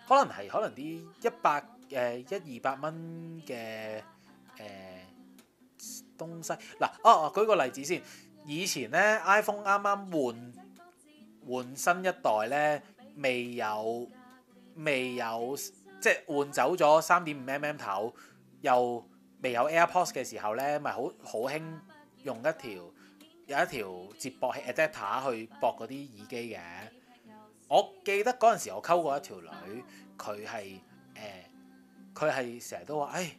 可能係，可能啲一百誒一二百蚊嘅誒東西。嗱、啊，哦、啊、舉個例子先，以前咧 iPhone 啱啱換換新一代咧，未有未有即係換走咗三點五 mm 頭，又未有 AirPods 嘅時候咧，咪好好興用一條有一條接駁器 adapter 去駁嗰啲耳機嘅。我記得嗰陣時，我溝過一條女，佢係誒，佢係成日都話，誒，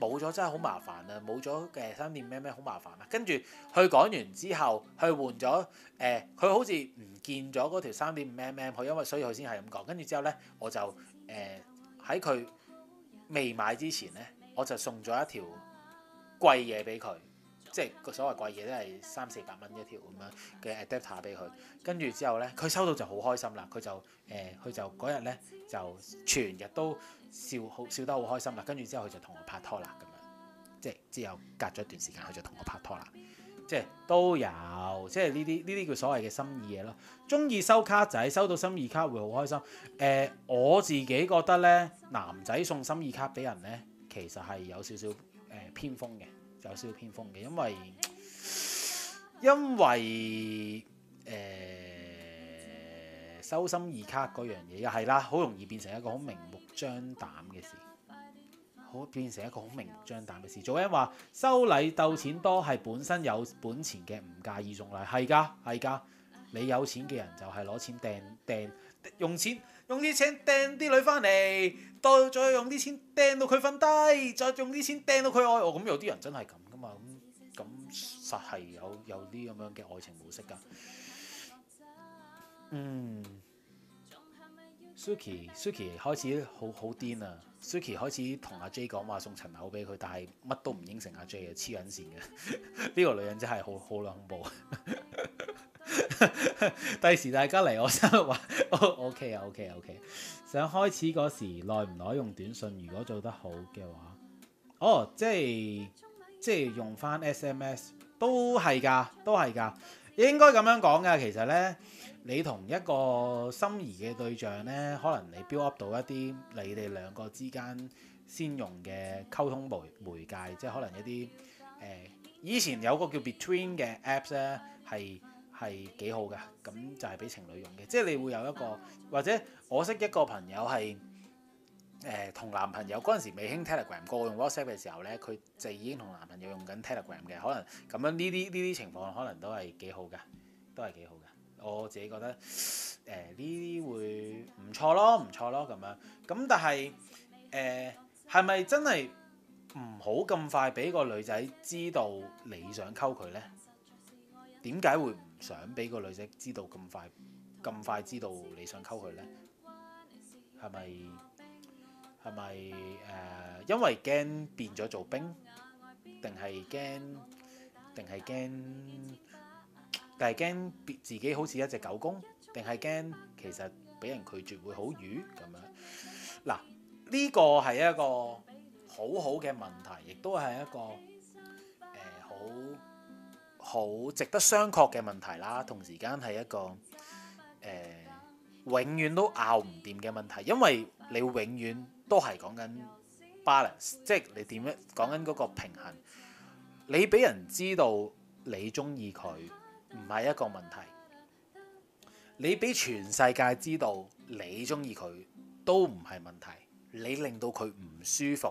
冇咗真係好麻煩啊，冇咗嘅三點五 mm 好麻煩啊。跟住佢講完之後，佢換咗誒，佢、呃、好似唔見咗嗰條三點五 mm，佢因為所以佢先係咁講。跟住之後咧，我就誒喺佢未買之前咧，我就送咗一條貴嘢俾佢。即係個所謂貴嘢都係三四百蚊一條咁樣嘅 adapter 俾佢，跟住之後咧，佢收到就好開心啦。佢就誒，佢、呃、就嗰日咧就全日都笑好笑得好開心啦。跟住之後佢就同我拍拖啦，咁樣即係之後隔咗一段時間佢就同我拍拖啦。即係都有，即係呢啲呢啲叫所謂嘅心意嘢咯。中意收卡仔，收到心意卡會好開心。誒、呃，我自己覺得咧，男仔送心意卡俾人咧，其實係有少少誒、呃、偏鋒嘅。有少少偏風嘅，因為因為誒、呃、收心儀卡收心意卡嗰樣嘢又係啦，好容易變成一個好明目張膽嘅事，好變成一個好明目張膽嘅事。有人話收禮鬥錢多係本身有本錢嘅唔介意送禮，係㗎係㗎，你有錢嘅人就係攞錢掟掟。用錢用啲錢掟啲女翻嚟，到再用啲錢掟到佢瞓低，再用啲錢掟到佢愛我，咁有啲人真係咁噶嘛？咁咁實係有有啲咁樣嘅愛情模式噶。嗯，Suki Suki 開始好好癲啊！Suki 開始同阿 J 講話送層樓俾佢，但係乜都唔應承阿 J 嘅黐緊線嘅，呢 *laughs* 個女人真係好好恐怖。 *laughs* 第時 *laughs* 大家嚟我室玩，O O K 啊 O K O K。想開始嗰時耐唔耐用短信？如果做得好嘅話，哦、oh,，即係即係用翻 S M S 都係噶，都係噶，應該咁樣講嘅。其實咧，你同一個心儀嘅對象咧，可能你 build up 到一啲你哋兩個之間先用嘅溝通媒媒介，即係可能一啲誒、呃，以前有個叫 Between 嘅 Apps 咧係。係幾好㗎？咁就係俾情侶用嘅，即係你會有一個，或者我識一個朋友係誒同男朋友嗰陣時未興 Telegram，過我用 WhatsApp 嘅時候咧，佢就已經同男朋友用緊 Telegram 嘅。可能咁樣呢啲呢啲情況可能都係幾好㗎，都係幾好㗎。我自己覺得誒呢啲會唔錯咯，唔錯咯咁樣。咁但係誒係咪真係唔好咁快俾個女仔知道你想溝佢咧？點解會？想俾個女仔知道咁快，咁快知道你想溝佢呢，係咪係咪誒？因為驚變咗做兵，定係驚？定係驚？定係驚？別自己好似一隻狗公，定係驚其實俾人拒絕會好瘀咁樣？嗱，呢個係一個好好嘅問題，亦都係一個誒好好值得商榷嘅問題啦，同時間係一個誒、呃，永遠都拗唔掂嘅問題，因為你永遠都係講緊 balance，即係你點樣講緊嗰個平衡。你俾人知道你中意佢唔係一個問題，你俾全世界知道你中意佢都唔係問題，你令到佢唔舒服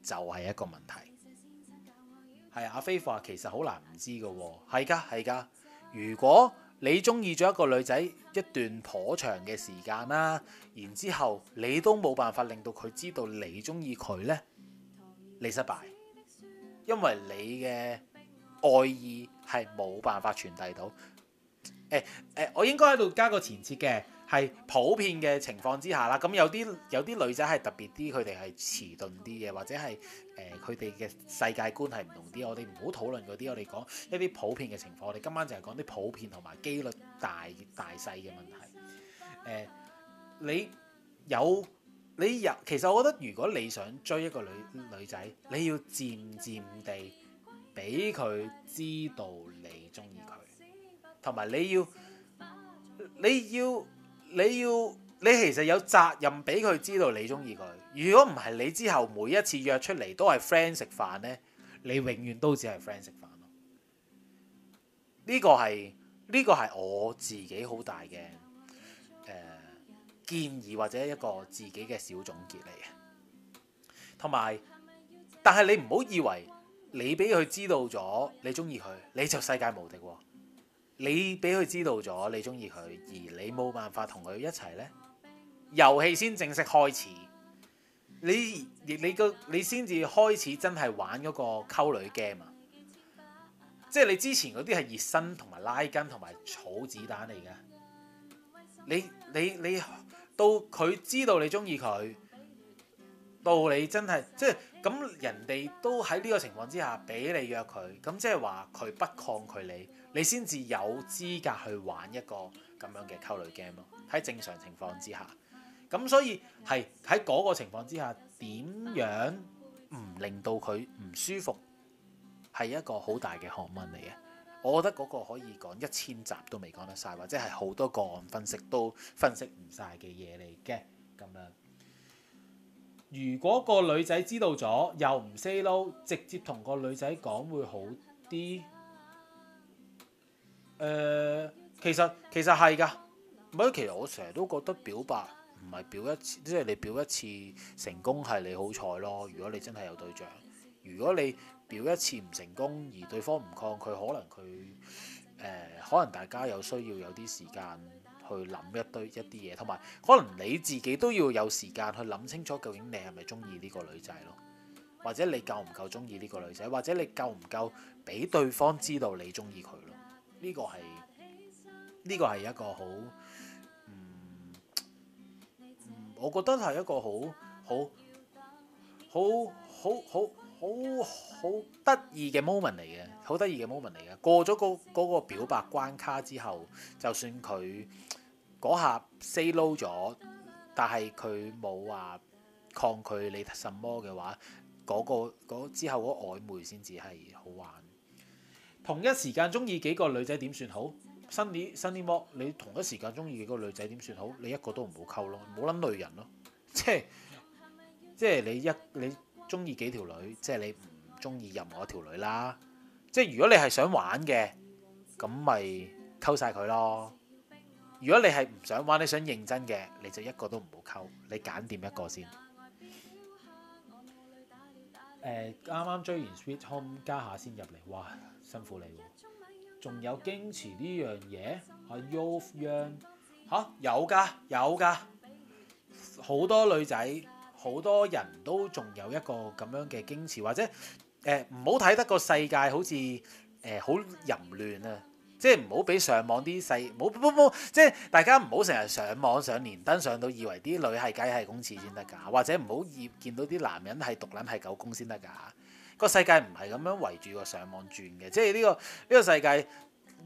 就係一個問題。係阿飛話，其實好難唔知噶，係噶係噶。如果你中意咗一個女仔一段頗長嘅時間啦，然後之後你都冇辦法令到佢知道你中意佢咧，你失敗，因為你嘅愛意係冇辦法傳遞到。誒、欸、誒、欸，我應該喺度加個前設嘅。係普遍嘅情況之下啦，咁有啲有啲女仔係特別啲，佢哋係遲鈍啲嘅，或者係誒佢哋嘅世界觀係唔同啲。我哋唔好討論嗰啲，我哋講一啲普遍嘅情況。我哋今晚就係講啲普遍同埋機率大大細嘅問題。誒、呃，你有你有。其實我覺得如果你想追一個女女仔，你要漸漸地俾佢知道你中意佢，同埋你要你要。你要你要你其實有責任俾佢知道你中意佢。如果唔係你之後每一次約出嚟都係 friend 食飯呢，你永遠都只係 friend 食飯咯。呢個係呢個係我自己好大嘅、呃、建議或者一個自己嘅小總結嚟嘅。同埋，但係你唔好以為你俾佢知道咗你中意佢，你就世界無敵喎。你俾佢知道咗你中意佢，而你冇辦法同佢一齊呢，遊戲先正式開始。你你個你先至開始真係玩嗰個溝女 game 啊！即係你之前嗰啲係熱身同埋拉筋同埋草子彈嚟嘅。你你你到佢知道你中意佢，到你真係即係咁，人哋都喺呢個情況之下俾你約佢，咁即係話佢不抗拒你。你先至有資格去玩一個咁樣嘅溝女 game 咯。喺正常情況之下，咁所以係喺嗰個情況之下，點樣唔令到佢唔舒服，係一個好大嘅學問嚟嘅。我覺得嗰個可以講一千集都未講得晒，或者係好多個案分析都分析唔晒嘅嘢嚟嘅咁樣。如果個女仔知道咗又唔 say no，直接同個女仔講會好啲。誒，其實其實係噶，唔係，其實，其實我成日都覺得表白唔係表一次，即係你表一次成功係你好彩咯。如果你真係有對象，如果你表一次唔成功，而對方唔抗拒，可能佢誒、呃、可能大家有需要有啲時間去諗一堆一啲嘢，同埋可能你自己都要有時間去諗清楚究竟你係咪中意呢個女仔咯，或者你夠唔夠中意呢個女仔，或者你夠唔夠俾對方知道你中意佢咯。呢個係呢個係一個好，嗯，我覺得係一個好好好好好好好得意嘅 moment 嚟嘅，好得意嘅 moment 嚟嘅。過咗個嗰表白關卡之後，就算佢嗰下 say no 咗，但係佢冇話抗拒你什麼嘅話，個個之後嗰曖昧先至係好玩。同一時間中意幾個女仔點算好？Sunny, Sunny Mob，你同一時間中意幾個女仔點算好？你一個都唔好溝咯，唔好諗累人咯，即係即係你一你中意幾條女，即係你唔中意任何一條女啦。即係如果你係想玩嘅，咁咪溝晒佢咯。如果你係唔想玩，你想認真嘅，你就一個都唔好溝，你揀掂一個先。啱啱、呃、追完 Sweet Home，加下先入嚟，哇！辛苦你喎。仲有矜持呢樣嘢，阿 y o u Young 有㗎有㗎，好多女仔好多人都仲有一個咁樣嘅矜持，或者唔好睇得個世界好似好、呃、淫亂啊！即係唔好俾上網啲細，冇即係大家唔好成日上網上連登上到以為啲女係雞係公廁先得㗎，或者唔好見到啲男人係毒撚係狗公先得㗎嚇。個世界唔係咁樣圍住個上網轉嘅，這個，即係呢個呢個世界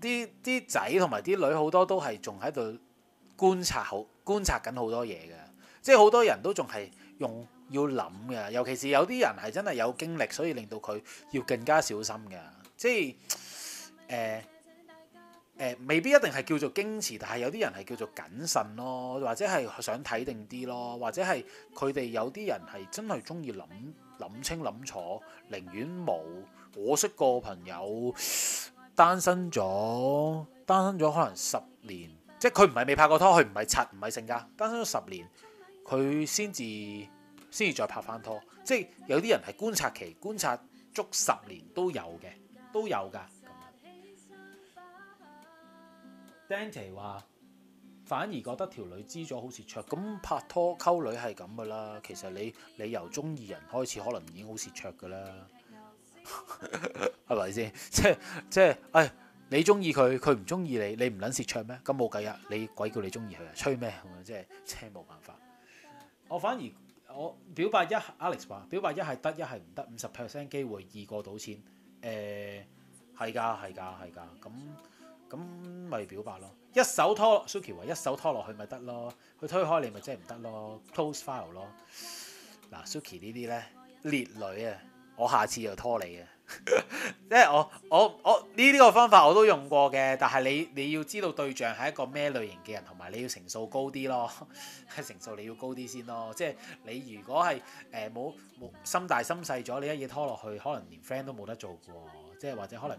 啲啲仔同埋啲女好多都係仲喺度觀察好觀察緊好多嘢嘅，即係好多人都仲係用要諗嘅，尤其是有啲人係真係有經歷，所以令到佢要更加小心嘅，即係誒。呃呃、未必一定係叫做矜持，但係有啲人係叫做謹慎咯，或者係想睇定啲咯，或者係佢哋有啲人係真係中意諗諗清諗楚，寧願冇。我識個朋友單身咗，單身咗可能十年，即係佢唔係未拍過拖，佢唔係柒唔係性格。單身咗十年，佢先至先至再拍翻拖。即係有啲人係觀察期，觀察足十年都有嘅，都有㗎。Dante 話：反而覺得條女知咗好蝕卓，咁拍拖溝女係咁噶啦。其實你你由中意人開始，可能已經好蝕卓噶啦，係咪先？即即係你中意佢，佢唔中意你，你唔撚蝕卓咩？咁冇計呀！你鬼叫你中意佢啊？吹咩？即即車冇辦法。我反而我表白一 Alex 話：表白一係得，一係唔得。五十 percent 機會易過賭錢。誒係㗎係㗎係㗎咁。咁咪表白咯，一手拖 Suki，話一手拖落去咪得咯，佢推開你咪真係唔得咯，close file 咯。嗱，Suki 呢啲咧烈女啊，我下次又拖你啊，即 *laughs* 係我我我呢啲、這個方法我都用過嘅，但係你你要知道對象係一個咩類型嘅人，同埋你要成數高啲咯，係成數你要高啲先咯。即、就、係、是、你如果係誒冇冇心大心細咗，你一嘢拖落去，可能連 friend 都冇得做嘅喎，即、就、係、是、或者可能。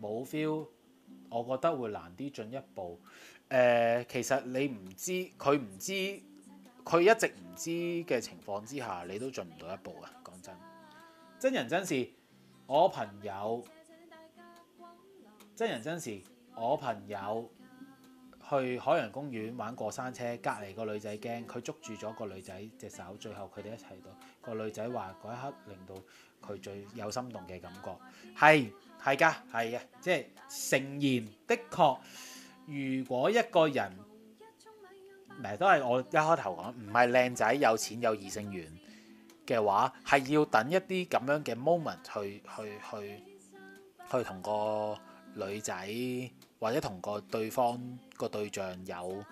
冇 feel，我覺得會難啲進一步。誒、呃，其實你唔知，佢唔知，佢一直唔知嘅情況之下，你都進唔到一步啊！講真，真人真事，我朋友。真人真事，我朋友。去海洋公園玩過山車，隔離個女仔驚，佢捉住咗個女仔隻手，最後佢哋一齊到。個女仔話嗰一刻令到佢最有心動嘅感覺，係係㗎，係嘅，即係誠然的確。如果一個人，嗱都係我一開頭講，唔係靚仔、有錢、有異性緣嘅話，係要等一啲咁樣嘅 moment 去去去去同個女仔。或者同個對方個對象有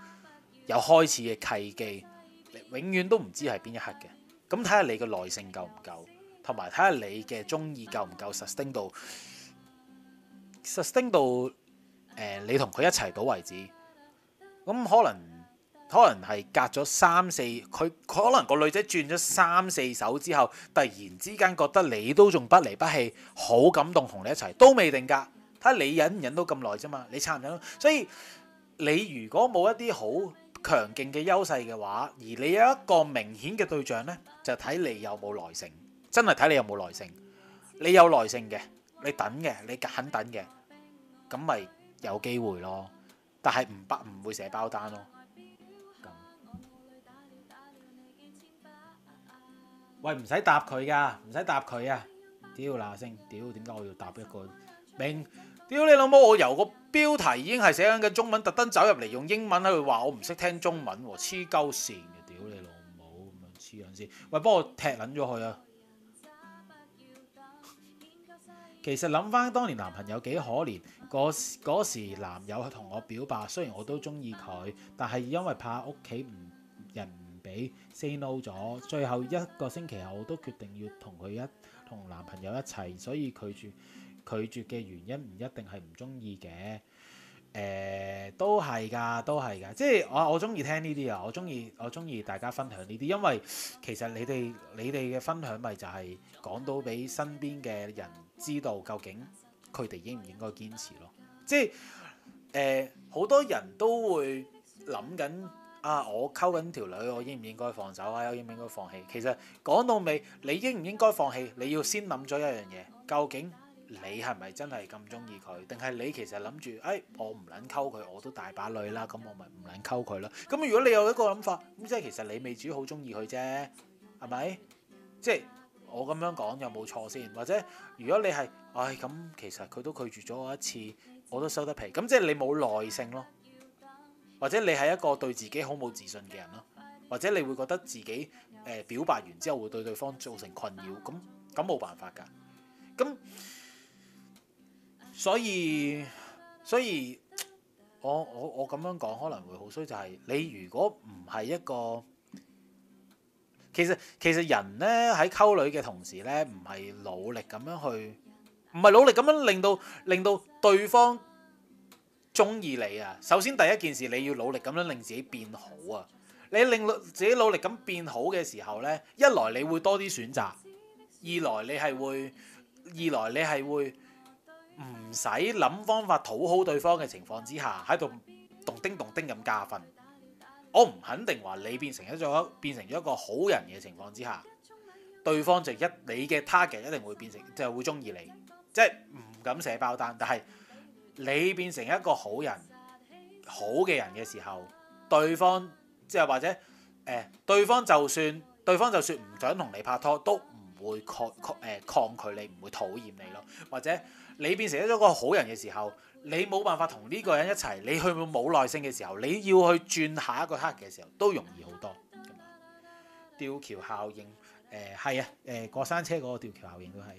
有開始嘅契機，永遠都唔知係邊一刻嘅。咁睇下你嘅耐性夠唔夠，同埋睇下你嘅鍾意夠唔夠，sustaining 到 sustaining 到，呃，你同佢一齊到為止。咁可能可能係隔咗三四，佢可能個女仔轉咗三四手之後，突然之間覺得你都仲不離不棄，好感動，同你一齊都未定㗎。睇你忍唔忍到咁耐啫嘛，你撐唔撐咯？所以你如果冇一啲好強勁嘅優勢嘅話，而你有一個明顯嘅對象呢，就睇你有冇耐性。真係睇你有冇耐性。你有耐性嘅，你等嘅，你肯等嘅，咁咪有機會咯。但係唔唔唔會寫包單咯。喂，唔使答佢㗎，唔使答佢啊！屌，嗱聲，屌點解我要答一個？明，屌你老母！我由個標題已經係寫緊嘅中文，特登走入嚟用英文喺度話我唔識聽中文，黐鳩線嘅！屌你老母，咁樣黐鳩先。喂，幫我踢捻咗佢啊！ *laughs* 其實諗翻，當年男朋友幾可憐，嗰嗰時男友同我表白，雖然我都中意佢，但係因為怕屋企唔人唔俾，say no 咗。最後一個星期後，我都決定要同佢一同男朋友一齊，所以拒絕。拒絕嘅原因唔一定係唔中意嘅，誒都係㗎，都係㗎，即係我我中意聽呢啲啊，我中意我中意大家分享呢啲，因為其實你哋你哋嘅分享咪就係講到俾身邊嘅人知道，究竟佢哋應唔應該堅持咯。即係誒好多人都會諗緊啊，我溝緊條女，我應唔應該放手啊？我應唔應該放棄？其實講到尾，你應唔應該放棄？你要先諗咗一樣嘢，究竟？你係咪真係咁中意佢？定係你其實諗住，誒、哎，我唔撚溝佢，我都大把女啦，咁我咪唔撚溝佢咯？咁如果你有一個諗法，咁即係其實你未至於好中意佢啫，係咪？即係我咁樣講有冇錯先？或者如果你係，唉、哎，咁其實佢都拒絕咗我一次，我都收得皮，咁即係你冇耐性咯，或者你係一個對自己好冇自信嘅人咯，或者你會覺得自己誒表白完之後會對對方造成困擾，咁咁冇辦法㗎，咁。所以，所以，我我我咁樣講可能會好衰，就係你如果唔係一個其實其實人咧喺溝女嘅同時咧，唔係努力咁樣去，唔係努力咁樣令到令到對方中意你啊。首先第一件事，你要努力咁樣令自己變好啊。你令自己努力咁變好嘅時候咧，一來你會多啲選擇，二來你係會，二來你係會。唔使諗方法討好對方嘅情況之下，喺度動叮動叮咁加分，我唔肯定話你變成咗變成咗一個好人嘅情況之下，對方就一你嘅 target 一定會變成即係會中意你，即係唔敢寫包單。但係你變成一個好人好嘅人嘅時候，對方即係或者誒、呃，對方就算對方就算唔想同你拍拖，都唔會抗抗、呃、抗拒你，唔會討厭你咯，或者。你變成咗一個好人嘅時候，你冇辦法同呢個人一齊，你去到冇耐性嘅時候，你要去轉下一個黑嘅時候，都容易好多。吊橋效應，誒係啊，誒、呃、過山車嗰個吊橋效應都係。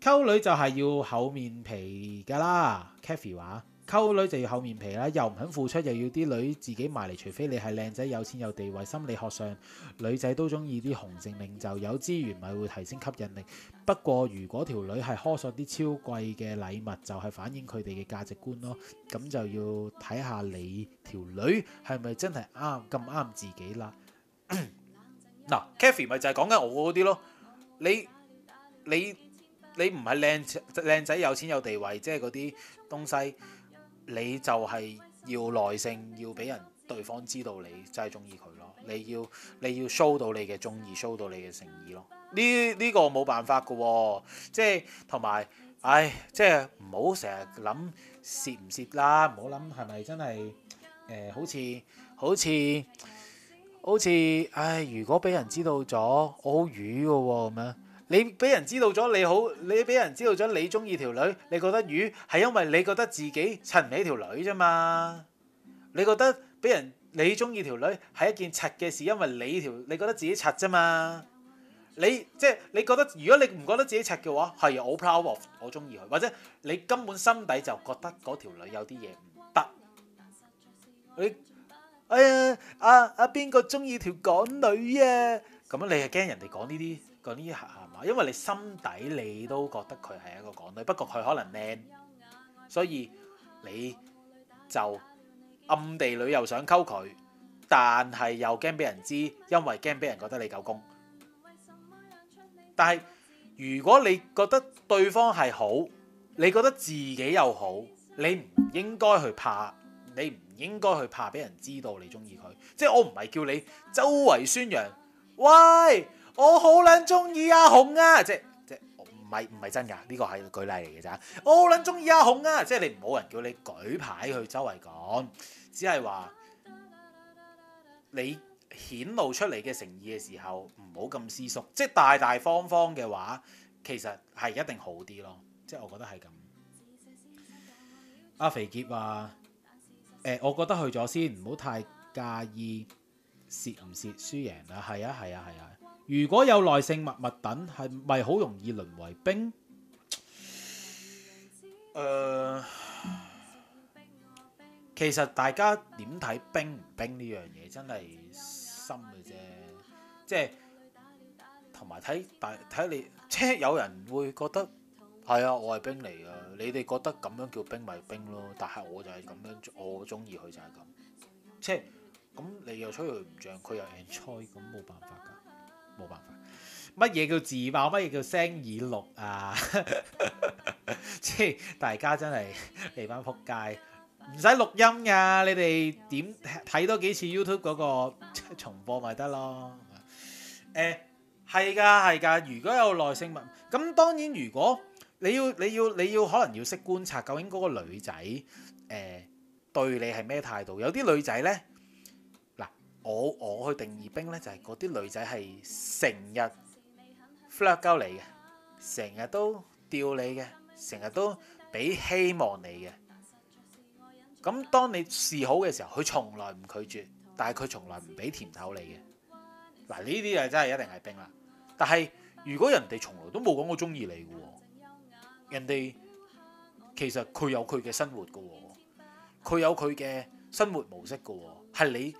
溝女就係要厚面皮㗎啦，Kathy 話。 *noise* 溝女就要厚面皮啦，又唔肯付出，又要啲女自己埋嚟，除非你係靚仔有錢有地位。心理學上，女仔都中意啲雄性領袖，有資源咪會提升吸引力。不過，如果條女係呵索啲超貴嘅禮物，就係反映佢哋嘅價值觀咯。咁就要睇下你條女係咪真係啱咁啱自己啦。嗱 *coughs* *coughs* Now,，Kathy 咪就係講緊我嗰啲咯。你你你唔係靚靚仔有錢有地位，即係嗰啲東西。你就係要耐性，要俾人對方知道你真係中意佢咯。你要你要 show 到你嘅中意，show 到你嘅誠意咯。呢呢、呢個冇辦法㗎，即係同埋，唉，即係唔好成日諗蝕唔蝕啦，唔好諗係咪真係，誒、呃，好似好似好似，唉，如果俾人知道咗，我好瘀㗎喎，咁樣。你俾人知道咗你好，你俾人知道咗你中意條女，你覺得魚係因為你覺得自己襯唔起條女啫嘛？你覺得俾人你中意條女係一件柒嘅事，因為你條你覺得自己柒啫嘛？你即係、就是、你覺得，如果你唔覺得自己柒嘅話，係我 proud of 我中意佢，或者你根本心底就覺得嗰條女有啲嘢唔得。你哎呀啊啊邊個中意條港女啊？咁你係驚人哋講呢啲講呢下？因為你心底你都覺得佢係一個港女，不過佢可能靚，所以你就暗地裏又想溝佢，但係又驚俾人知，因為驚俾人覺得你狗公。但係如果你覺得對方係好，你覺得自己又好，你唔應該去怕，你唔應該去怕俾人知道你中意佢。即係我唔係叫你周圍宣揚，喂。我好撚中意阿紅啊！即即唔係唔係真噶，呢個係舉例嚟嘅咋。我好撚中意阿紅啊！即你冇人叫你舉牌去周圍講，只係話你顯露出嚟嘅誠意嘅時候，唔好咁思縮，即大大方方嘅話，其實係一定好啲咯。即我覺得係咁。阿、啊、肥傑話、啊：誒、呃，我覺得去咗先，唔好太介意蝕唔蝕輸贏啊。」係啊，係啊，係啊。如果有耐性默默等，係咪好容易淪為兵？誒，其實大家點睇兵唔兵呢樣嘢，真係深嘅啫。即係同埋睇大睇你，即係有人會覺得係啊，我係兵嚟噶。你哋覺得咁樣叫兵咪兵咯？但係我就係咁樣，我中意佢就係咁。即係咁，你又吹佢唔漲，佢又 enjoy，咁冇辦法。冇辦法，乜嘢叫自爆？乜嘢叫聲耳錄啊？即 *laughs* 係大家真係嚟返撲街，唔使錄音噶，你哋點睇多幾次 YouTube 嗰、那個重播咪得咯？誒、呃，係噶係噶，如果有耐性問，咁當然，如果你要你要你要可能要識觀察，究竟嗰個女仔誒、呃、對你係咩態度？有啲女仔咧。我我去定義兵呢，就係嗰啲女仔係成日 flirt 鳩你嘅，成日都吊你嘅，成日都俾希望你嘅。咁當你示好嘅時候，佢從來唔拒絕，但係佢從來唔俾甜頭你嘅。嗱，呢啲就真係一定係兵啦。但係如果人哋從來都冇講我中意你嘅喎，人哋其實佢有佢嘅生活㗎喎，佢有佢嘅生活模式㗎喎，係你。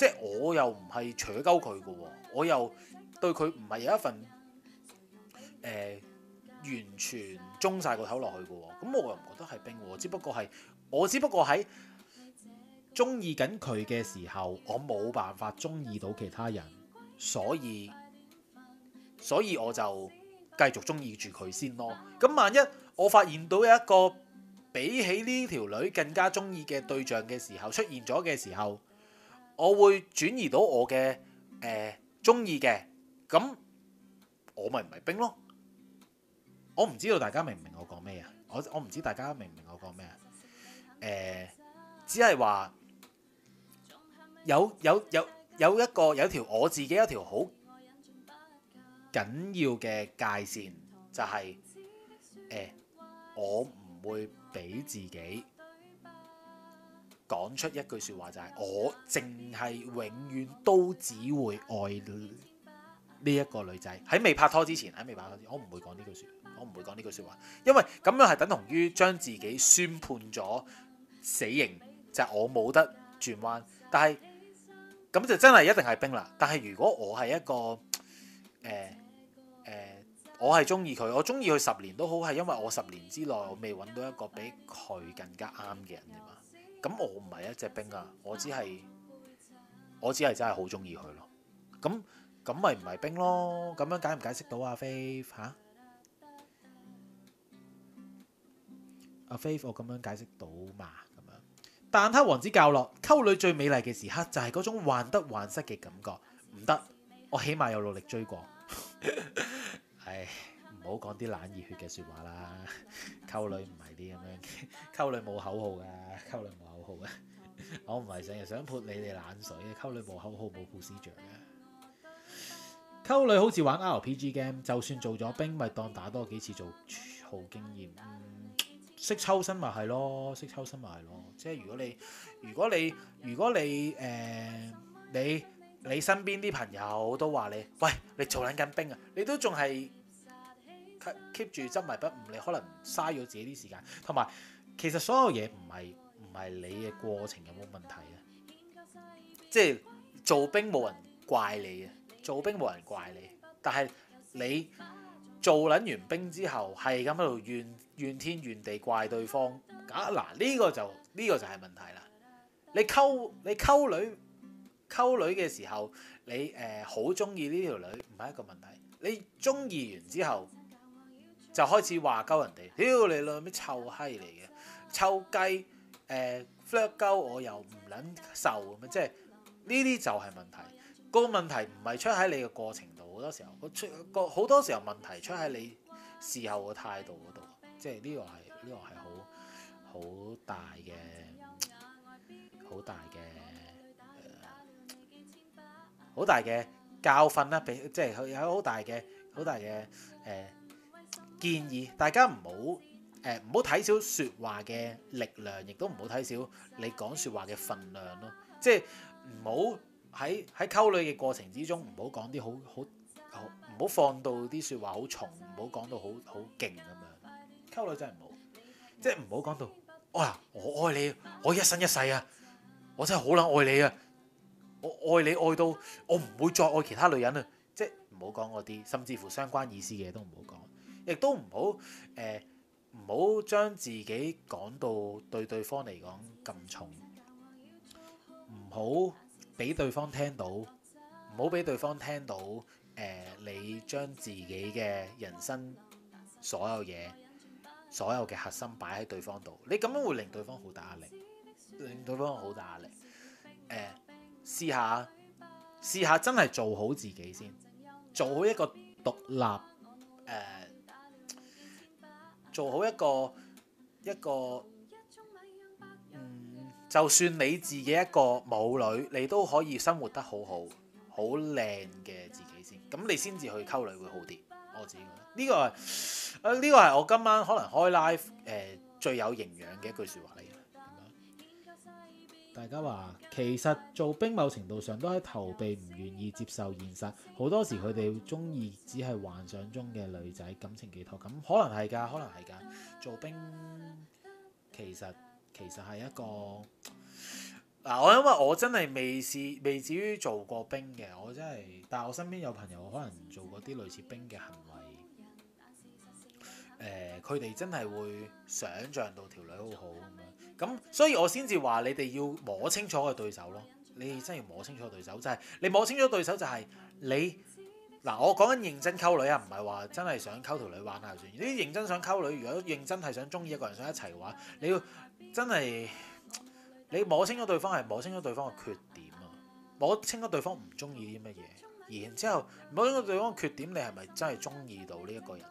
即係我又唔係扯鳩佢嘅，我又對佢唔係有一份誒、呃、完全中晒個頭落去嘅，咁我又唔覺得係冰，只不過係我只不過喺中意緊佢嘅時候，我冇辦法中意到其他人，所以所以我就繼續中意住佢先咯。咁萬一我發現到有一個比起呢條女更加中意嘅對象嘅時候出現咗嘅時候。我會轉移到我嘅誒中意嘅，咁我咪唔係兵咯。我唔知道大家明唔明我講咩啊？我我唔知大家明唔明我講咩啊？誒，只係話有有有有一個有條我自己一條好緊要嘅界線，就係誒，我唔會俾自己講出一句説話就係我淨係永遠都只會愛呢一個女仔。喺未拍拖之前，喺未拍拖之前，我唔會講呢句説，我唔會講呢句説話，因為咁樣係等同於將自己宣判咗死刑，就係我冇得轉彎。但係咁就真係一定係冰啦。但係如果我係一個誒我係中意佢，我中意佢十年都好，係因為我十年之內我未揾到一個比佢更加啱嘅人。咁我唔係一隻兵啊，我只係我只係真係好中意佢咯。咁咁咪唔係兵咯。咁樣解唔解釋到啊 Faith 吓？阿 Faith，我咁樣解釋到嘛？咁樣。但黑王子教落，溝女最美麗嘅時刻就係、是、嗰種患得患失嘅感覺。唔得，我起碼有努力追過。 *laughs* 唉。唔好講啲冷熱血嘅説話啦，溝女唔係啲咁樣，溝女冇口號噶，溝女冇口號嘅，我唔係成日想潑你哋冷水嘅，溝女冇口號冇 procedure 嘅，溝女好似玩 RPG game，就算做咗兵，咪當打多幾次做好經驗，識、嗯、抽身咪係咯，識抽身咪係咯，即係如果你如果你如果你誒、呃、你你身邊啲朋友都話你，喂，你做緊緊兵啊，你都仲係。keep 住執迷不悟，你可能嘥咗自己啲時間。同埋，其實所有嘢唔係唔係你嘅過程有冇問題嘅，即係做兵冇人怪你嘅，做兵冇人怪你。但係你做撚完兵之後，係咁喺度怨怨天怨地怪對方，啊嗱呢個就呢個就係問題啦。你溝你溝女溝女嘅時候，你誒好中意呢條女唔係一個問題，你中意完之後。就開始話鳩人哋，屌你老味臭閪嚟嘅，臭雞，誒、呃，甩鳩我又唔撚受咁樣，即係呢啲就係問題。個問題唔係出喺你嘅過程度，好多時候，出個好多時候問題出喺你事後嘅態度嗰度，即係呢個係呢、呢個係好好大嘅，好大嘅，好大嘅、呃、教訓啦，比即係佢有好大嘅，好大嘅誒。呃建議大家唔好誒，唔好睇少說話嘅力量，亦都唔好睇少你講說話嘅分量咯。即係唔好喺喺溝女嘅過程之中，唔好講啲好好好唔好放到啲説話好重，唔好講到好好勁咁樣溝女，真係唔好，即係唔好講到啊！Oh, 我愛你，我一生一世啊！我真係好撚愛你啊！我愛你愛到我唔會再愛其他女人啊！即係唔好講嗰啲，甚至乎相關意思嘅嘢都唔好講。亦都唔好誒，唔好將自己講到對對方嚟講咁重，唔好俾對方聽到，唔好俾對方聽到誒、呃，你將自己嘅人生所有嘢，所有嘅核心擺喺對方度，你咁樣會令對方好大壓力，令對方好大壓力。誒、呃，試下試下真係做好自己先，做好一個獨立誒。呃做好一個一個嗯，就算你自己一個冇女，你都可以生活得好好、好靚嘅自己先，咁你先至去溝女會好啲。我自己覺得呢、呢個係誒呢個係我今晚可能開 live 誒、呃、最有營養嘅一句說話嚟。大家話其實做兵某程度上都係逃避，唔願意接受現實。好多時佢哋中意只係幻想中嘅女仔感情寄託，咁可能係㗎，可能係㗎。做兵其實其實係一個嗱、啊，我因為我真係未試未至於做過兵嘅，我真係，但係我身邊有朋友可能做過啲類似兵嘅行為，佢、呃、哋真係會想像到條女好好。咁，所以我先至話你哋要摸清楚個對手咯。你真要摸清楚個對手，就係你摸清楚對手就係你嗱。我講緊認真溝女啊，唔係話真係想溝條女玩下算。你認真想溝女，如果認真係想中意一個人，想一齊嘅話，你要真係你摸清楚對方，係摸清楚對方嘅缺點啊，摸清楚對方唔中意啲乜嘢，然之後摸清楚對方嘅缺點，你係咪真係中意到呢一個人？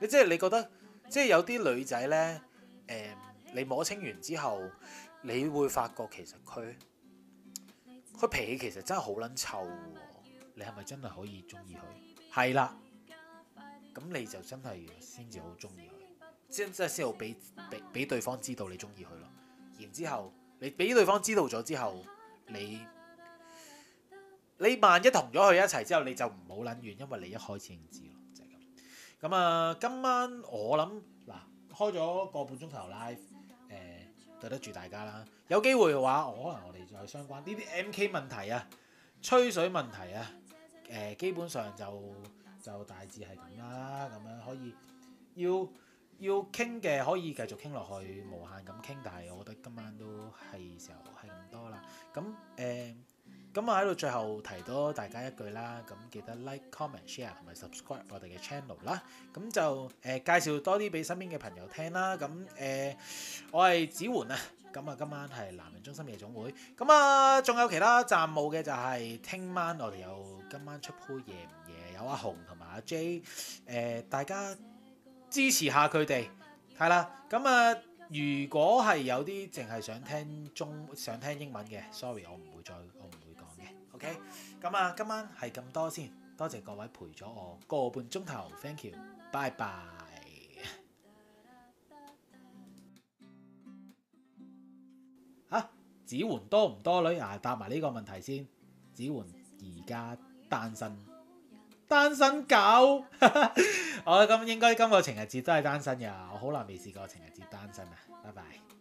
你即係你覺得，即係有啲女仔呢。誒。你摸清完之後，你會發覺其實佢佢脾氣其實真係好撚臭。你係咪真係可以中意佢？係啦，咁你就真係先至好中意佢，先先先好俾俾俾對方知道你中意佢咯。然之後你俾對方知道咗之後，你你萬一同咗佢一齊之後，你就唔好撚遠，因為你一開始認知咯，就係、是、咁。咁、嗯、啊，今晚我諗嗱，開咗個半鐘頭 live。對得住大家啦，有機會嘅話，我可能我哋再相關呢啲 MK 問題啊、吹水問題啊，誒、呃、基本上就就大致係咁啦。咁樣可以要要傾嘅可以繼續傾落去無限咁傾，但係我覺得今晚都係時候係咁多啦，咁誒。呃咁啊，喺度最後提多大家一句啦。咁記得 like、comment、share 同埋 subscribe 我哋嘅 channel 啦。咁就誒介紹多啲俾身邊嘅朋友聽啦。咁誒，我係子桓啊。咁啊，今晚係南洋中心夜總會。咁啊，仲有其他站務嘅就係聽晚我哋有，今晚出鋪夜唔夜，有阿紅同埋阿 J，誒，大家支持下佢哋係啦。咁啊，如果係有啲淨係想聽中想聽英文嘅，sorry 我唔會再。OK，咁啊，今晚係咁多先，多謝各位陪咗我個半鐘頭，Thank you，拜拜。吓、啊？子桓多唔多女啊？答埋呢個問題先。子桓而家單身，單身狗。 *laughs* 我咁應該今個情人節都係單身㗎？我好耐未試過情人節單身啊！拜拜。